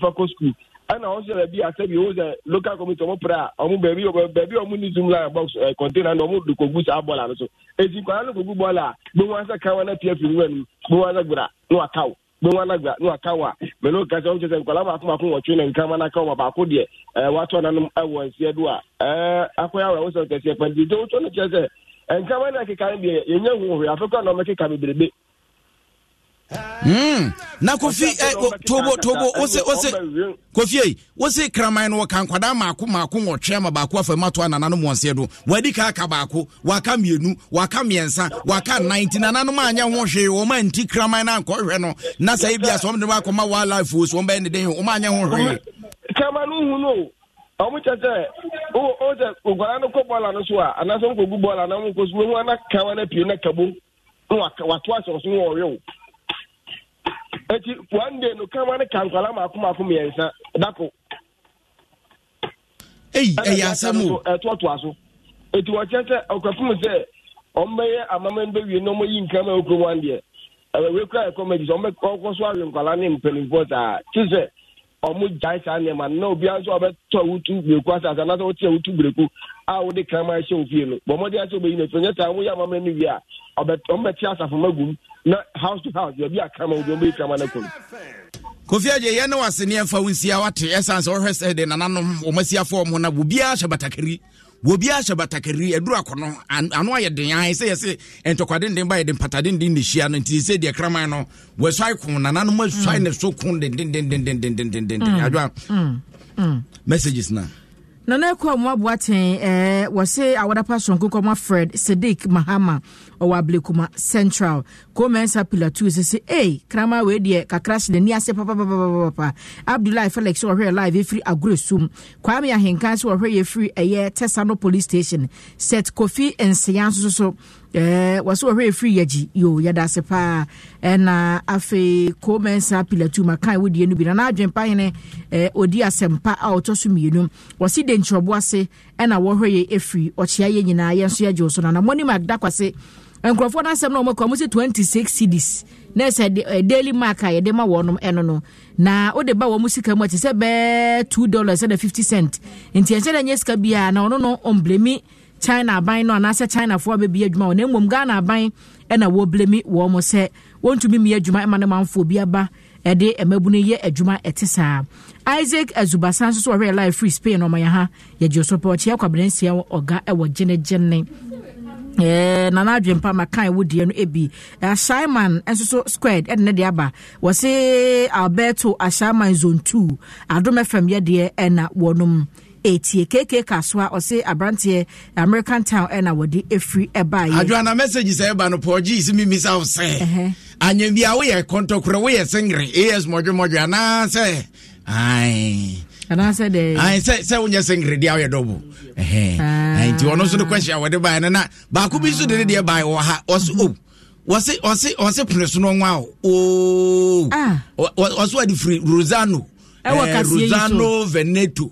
ɛna ɔn sɛ baabi asɛbi o sɛ local committee ɔmo pere a ɔmo baabi ɔmo baabi ɔmo ni zoom line box ɛ eh, container na ɔmo de kogu saa bɔɔla no so eti nkwadaa no kogu bɔɔla a gbɛnwo asa kan wa na tia firi wura nu gbɛnwo asa na wa kaw gbɛnwo asa gbera na wa kaw a mɛ n'o kasa ɔmo kyɛ sɛ nkwadaa baako baako wɔtwe ne nkama na kaw ma baako deɛ ɛɛ eh, watɔ nanom ɛwɔ nsia do a ɛɛ eh, akɔya awura wosɛn kɛseɛ pɛnti nti wotɔ ne kyɛ sɛ nkama na keka ne deɛ yɛnyɛ huhu na ɔmo keka bebrebe Mm. na kofi eh, tobo tobo wose wose eh, kraman no kwada maako maako wɔtwe ma baako afa na na anana no mɔnseɛ do wadi aka baako waka mmienu waka mmiɛnsa waka 90 anyɛ ho hwee a nti kraman no ankɔhwɛ no na sɛ ebia sɛ wɔn wakɔma wildlife o so wɔn ne den anyɛ ho o no bɔɔla no so a anaasɛ gu bɔɔla so wɔn mu na eti one day no kama eh, eh, e ne kankwala mako mako mmiɛnsa dako. eyi ɛyɛ asɛm o ɛtoatoa so eti wɔkyɛ sɛ ɔkɔfum sɛ ɔmbɛyɛ amamɛn bɛwie na ɔmɔyi nkama okurom wan deɛ ɛwɛwɛ kura ɛkɔ mɛgye sɛ so nkwala ne mpanyinfoɔ saa ti sɛ ɔmo gyae saa nneɛma na obiara nso ɔbɛtɔ awutu bereku asase ɔte awutu a wode kraman hyɛ wo fie no bɔ mmɔde ahyɛ wobɛyi no afiri nyɛ saa woyɛ amammerɛ no wie a ɔmbɛte asafo na house to house baabi a kraman wode ɔmbɛyi kraman no akɔ no kofi agye yɛ ne waseneɛ mfa wo nsia wate ɛsiane sɛ wohwɛ sɛ de nananom wɔmasiafoɔ m ho na wobiaa hyɛ batakari wobi ahyɛ batakari aduru akɔnɔ ano ayɛ den ahe sɛ yɛsɛ ntɔkwadenden ba yɛde mpata denden ne hyia no nti sɛ deɛ kraman no wɔasuae ko nananom asuae ne so ko dendendendendendendenden mm. adwoa mm. mm. messages no nana ɛkɔ a mo aboaten ɛɛ eh, wɔse awadapa sonko kɔma fred sadiq mahama ɔwɔ ablekuma central komensa pilatu two sisi ee kraman wei deɛ kakra hyɛ n'ani ase papapapapapa abdullahi felix ɔhwɛ live efiri agoresum kwame ahenkan so ɔhwɛ yɛ firi ɛyɛ tesano police station set kofi nsia nso wɔsɛ wɔhwɛ ɛfiri yɛgye yo yɛda ase paa ɛna eh, afei komensa pilatu makae wodie no bi na naadwempa hene ɔdi eh, asɛmpa a ɔtɔ eh, e so mmienu wɔse de nkyerɛbo ase ɛna wɔhwɛ yɛ ɛfiri ɔkyea yɛ nyinaa yɛ nso yɛgye wo so no na mɔnim agda kwase nkurɔfoɔ no asɛm no ɔmɔkɔ mu sɛ 26 cities na sɛ daily mark a yɛde ma wɔnom ɛno no na wode ba wɔ mu sika mu akyi sɛ bɛɛ 2 dollars ɛna 50 cent nti ɛnhyɛ dɛ nyɛ sika biaa na ɔno no ɔmblemi china aban no anaasɛ chinafoɔ abɛbi adwuma wɔ na mmom ghana aban ɛna wɔblemi wɔn mo sɛ wɔntumi mmie adwuma ɛma ne manfoɔ bi aba ɛde mmabunu yɛ adwuma ɛte saa isaac azubasa nso so ɔhwɛ live free spain ɔmɔ yɛ ha yɛgye so pɛ ɔkyeɛ kwabrɛnsia ɔga ɛwɔ gyenegyene nana adwempa ma kan wo deɛ no ebi ashaiman nso squared ɛde ne deɛ aba wɔse alberto ashaiman zone two adom fm yɛ deɛ ɛna wɔnom etie keke kasoa ɔse aberanteɛ american town ɛna wɔde efiri ɛbaayɛ. adwana message sɛ ɛba no pɔgye isi mi misa o sɛ anya e ah. bi a woyɛ kɔntɔkorɔ woyɛ singiri as mɔdwemɔdwe anaasɛ ayi anaasɛ dɛ sɛ sɛ wonyɛ sɛ nkredi a woyɛ dɔbo nti ɔno nso no kwahyia wɔde baɛ no na baako bi nso de ne deɛ baɛ wɔ ha ɔse o wɔse ɔse ɔse pene so no ɔwa o ɔse wɔde firi rosano e eh, rosano veneto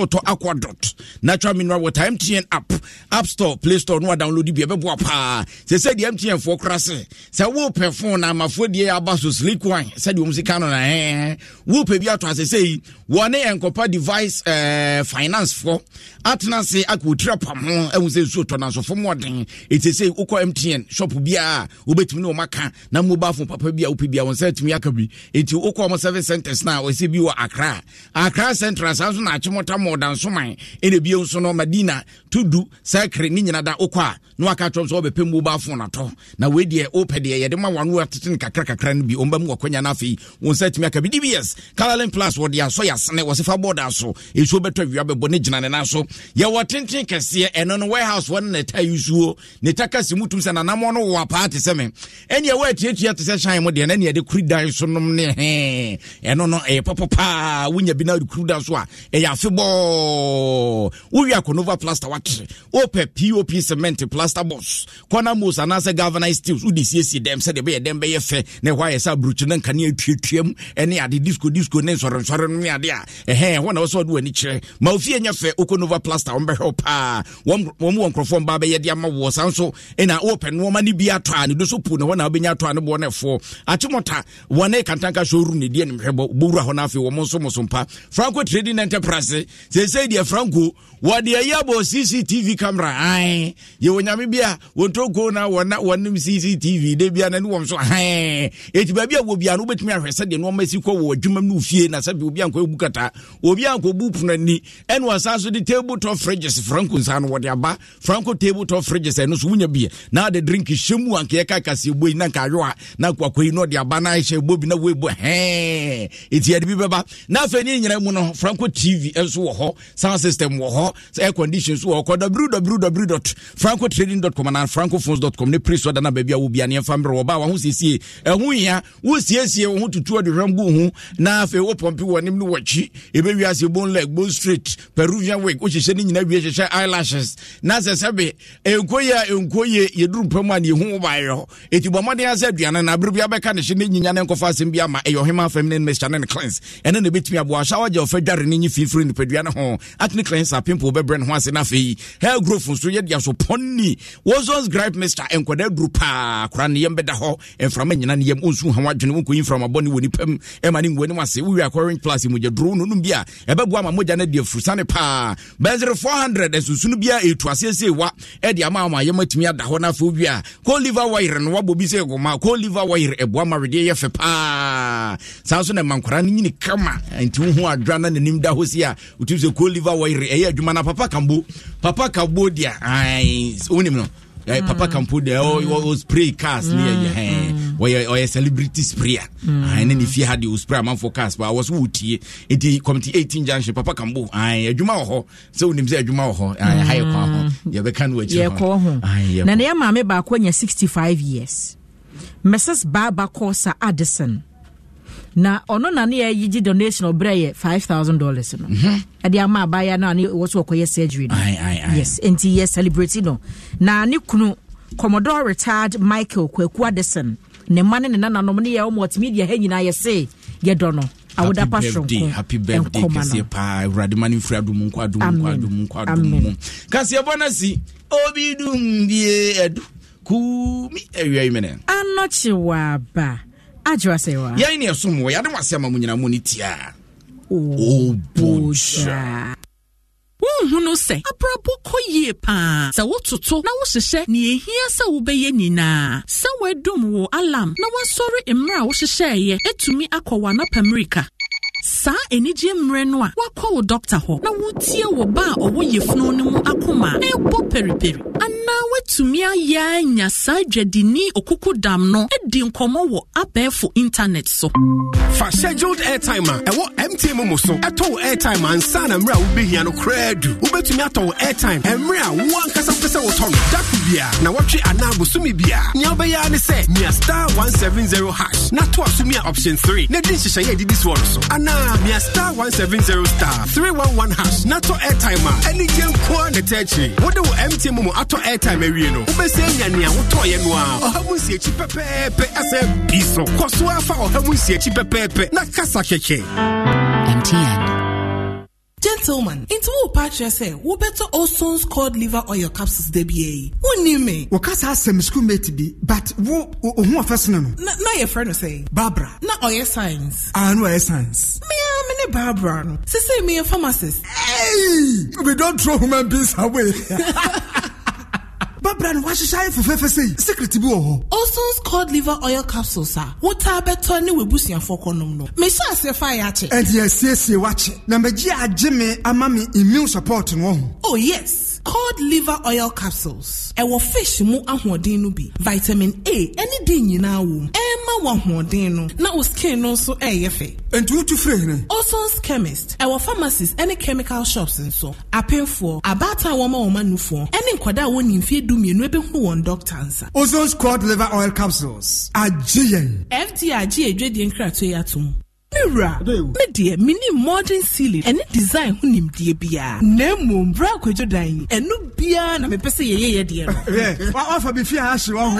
tɔɔtɔ aquadot natural mineral water mtn app app store play store no download bi ɛbɛboa paa sɛ sɛ deɛ mtn foɔ kora se sɛ wopɛ phone na amafoɔ deɛ aba so slick wine sɛdeɛ wɔm sika no na ɛɛ wopɛ bi atɔ asɛ sɛ yi wɔne ɛnkɔpa device ɛɛ eh, finance foɔ atena se akɔtira pam ho ɛhu sɛ nsuo tɔ nansofo mmɔden ɛte sɛ wokɔ mtn shop biaa wobɛtumi ne wɔm aka na mobile phone papa bi a wopɛ bia wɔn sɛ atumi aka bi ɛnti wokɔ ɔmo service centers no a ɔsɛ bi wɔ akra akra central saa nso na akyemɔtamɔ ama ɔdansoman ɛna bio nso no madina tudu sakre ne nyina da wokɔ a na waka kyerɛm sɛ wobɛpɛ mobile phone atɔ na wei deɛ wopɛ deɛ yɛde ma wano atete no kakrakakra no bi ɔmba mu wakɔnya no afei wo nsa atumi aka bi dbs calalin plus wɔde asɔ yɛasene wɔse fa bɔda so ɛsuo bɛtɔ awia bɛbɔ ne gyina ne na so yɛwɔ tenten kɛseɛ ɛno no warehouse wɔ ne na ɛta yi ne ta kasi mu tum sɛ nanamɔ no wowɔ apaa te sɛ me ɛneɛ woatiatua te sɛ hyɛn mu deɛ na ne neɛde kuri dan so nom ne he ɛno no ɛyɛ pɔpɔ paa wonya bi na kuri dan so a ɛyɛ afebɔɔ kɔkɔɔ wowie akonova plaster wakyere wopɛ pop cement plaster bos corner mos anaasɛ galvanized steels wode siesie dɛm sɛdeɛ bɛyɛ dɛm bɛyɛ fɛ na ɛhɔ ayɛ sɛ aburukyi no nkanea tuatuam ɛne ade disco disco ne nsɔrensɔre no ade a ɛhɛ hɔ na wɔ sɛ wode w'ani kyerɛ ma ofie nyɛ fɛ wokɔnova plaster wɔmbɛhwɛ wo paa wɔm wɔ nkurɔfoɔ mbaa bɛyɛ de ama woɔ sa nso ɛna wopɛ nnoɔma no bi atɔ a ne do so pu na hɔ na wobɛnya atɔ a ne boɔ no ɛfoɔ akyemɔta wɔne kantanka sɛ ɔru ne deɛ nemhwɛ bɔwura hɔ no afei nso mo franco trading enterprise seesei deɛ franco wɔde ɛyɛ abɔ cctv camera ae yɛwɔ nyame bi a wɔntɔnko na wɔna wɔnem cctv de bia na ne wɔm so ae ɛti baabi a wɔbia no wobɛtumi ahwɛ sɛdeɛ nɔɔma si kɔ wɔ adwuma no fie na sɛ obi ankɔ bu kata obi ankɔbu pono ani ɛne wɔsan so de table top fridges franko nsa no wɔde aba franko table top fridges ɛno so wonya bie na de drink hyɛ mu anka yɛka kaseɛ boi na nka ayoa na kwakɔ yi no ɔde aba na ahyɛ bobi na woebu hɛ ɛti yɛde bi bɛba na afei ne nyina mu no franko tv ɛnso wɔ hɔ sound system wɔ hɔ air condition so wɔ hɔ www dot franco trading dot com anaa franco phones dot com ne pre so dana baabi a wo bia neɛfa mmerɛ wɔba a wɔn ho siesie ɛho hia wo siesie wo ho tutu aduhwam gu ho na afei wo pɔmpi wɔ anim ne wɔkyi ebɛwi ase bone leg bone straight peruvian wig wo hyehyɛ ne nyinaa wie hyehyɛ eyelashes na sɛ sɛbe nko yie a nko yie yɛduru mpam a ne yɛhu wo baayɛ hɔ eti bɔ mmɔden asɛ aduane na abere bi abɛka ne hye ne nyinya ne nkɔfa asɛm bi ama ɛyɛ ɔhema feminine mixture ne ne cleanse ɛne na ebɛtumi aboa ahyɛ awagya ɔfɛ dware ne nyi fifiri nipadua nnua no ho acne cleanser pimple bɛbrɛ ne ho ase no afei hair growth nso yɛde asopɔnni wozons gripe mister nkwadaa duru paa kora ne yɛm hɔ mframa nyina ne yɛm ɔnsu ha wadwene wonkɔyi mframa bɔne wɔ nipa ɛma ne nguo ase wowie akɔren plus mogya duro no nom bi a ɛbɛboa ma mogya no de afuru paa bɛnsere 400 asusu no biaa ɛtu aseesei wa ɛde ama ama yɛm atumi ada hɔ no afei wie a coal liver wire no wabɔ bi sɛ ɛgoma coal liver wire ɛboa ma wedeɛ yɛ fɛ paa saa na ma no nyini kama nti wohu adwa na n'anim da hɔ si a ɔte sɛ ko liver wire ɛyɛ adwuma na papa kambo papa kambo deɛ wonim no Mm. papa kampo de ɔ ɔ spray cars ne yɛ mm, hɛn mm. ɔyɛ ɔyɛ celebrity sprayer ɛn mm. ne ne fie ha de o spray amanfo cars pa awɔ so wò tie eti committee eighteen junction papa kampo ɛn adwuma wɔ hɔ sɛ onim sɛ adwuma wɔ hɔ ɛn ha yɛ kwan hɔ yɛbɛka no akyi hɔ yɛ kɔ hɔ na ne yɛ maame baako 65 years mrs baba kɔsa addison. na ɔno na ne yɛyi gye donation ɔbrɛ yɛ five thousand dollars no mhm. ɛde ama abaya no a ne wɔ so ɔkɔyɛ surgery no yes nti yɛ celebrate no na ne kunu commodore retired michael kwaku adeson ne mma ne ne nananom ne yɛ wɔ multimedia ha nyinaa yɛse yɛdɔ no awoda pa soronko happy birthday kɛseɛ paa awurade anɔkye wɔ yɛn ne ɛsom wɔ yɛade wase ama mu nyina mu ne tiaa ɔbɔgya wohunu sɛ abrabɔ kɔ yie paa sɛ wototo na wohyehyɛ nea ehia sɛ wobɛyɛ nyinaa sɛ woadom wo alam na woasɔre mmerɛ a wohyehyɛeɛ atumi akɔ w'anapa mmirika saa anigye mmerɛ no a woakɔ wo dɔkta hɔ na wotie wɔ ba a ɔwɔ yafunu no mu akoma a ɛrebɔ periperi anaa woatumi ayɛ anya saa dwadini okuku dam no di nkɔmmɔ wɔ abɛɛfo internet so fa scheduled airtime a ɛwɔ mtm mu so ɛtɔ wo airtime ansa na mmerɛ a wobɛhia no koraa du wobɛtumi atɔ wo airtime mmerɛ a wo ankasa wopɛ sɛ wotɔ no dako bia na wɔtwe anaa bosome bia nea wobɛyɛ ne sɛ mia star 170 hash na to a a option 3 na di nhyehyɛeɛ adidi soɔ no so anaa na mia star 170 star 311 hash na to airtime a ɛne gye nko a ne tɛkyi wode wo mtm mu ato airtime awie no wobɛsɛ anya nea wotɔɔyɛ no a ɔha mu nsiakyi pɛpɛɛpɛ asɛ bi so kɔ so afa ɔha mu nsiakyi pɛpɛɛpɛ na kasa keke mtn gentleman nti wo pa kyerɛ sɛ wobɛtɔ osons cod liver oil capsules da bia yi wonni me wɔka saa asɛm schoolmate bi but wo ohu ɔfɛsene no na yɛfrɛ no sɛ barbara na ɔyɛ science ah no ɔyɛ science mea me ne barbara no sesei meyɛ pharmacist hey! we don't throw human beings away nneɛma bra no wahyehyɛ ayɛ fɛfɛɛfɛ sɛ secret bi wɔ hɔ olson's cod liver oil capsules a wotaa bɛtɔ ne w'abusuafoɔ kɔnom no mehyɛ aseɛ fa ayɛ akyɛ ɛnti asiesie wakyɛ na magye agye me ama me immune support no wɔ ho oh yes called liver oil capsules ɛwɔ fish mu ahoɔden no bi vitamin a ɛne d nyinaa wɔ mu ɛma wɔ ahoɔden no na o skin no nso ɛɛyɛ fɛ. ntumu tu fure hinɛ. osons chemist ɛwɔ pharmacies ɛne chemical shops nso apɛnfoɔ abaatan wɔn a wɔn anufoɔ ɛne nkwadaa a wɔn mfie du mmienu ebihunu wɔn doctor nsa. osons called liver oil capsules agye yɛn. fda agye edwadie nkratoe ato mu mira ne deɛ mini modern ceiling ɛne design ho nimdeɛ biara na mmom bra akwadwo dan yi ɛno biara na mepɛ sɛ yɛyɛ yɛ deɛ no wafa bi fie ahye wɔ ho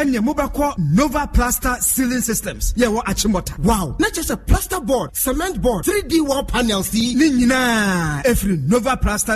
ɛneɛ mobɛkɔ nova plaster ceiling systems yɛwɔ akyemmɔta wow na kyerɛ sɛ plaster board cement board 3d wall panels yi ne nyinaa ɛfiri nova plaster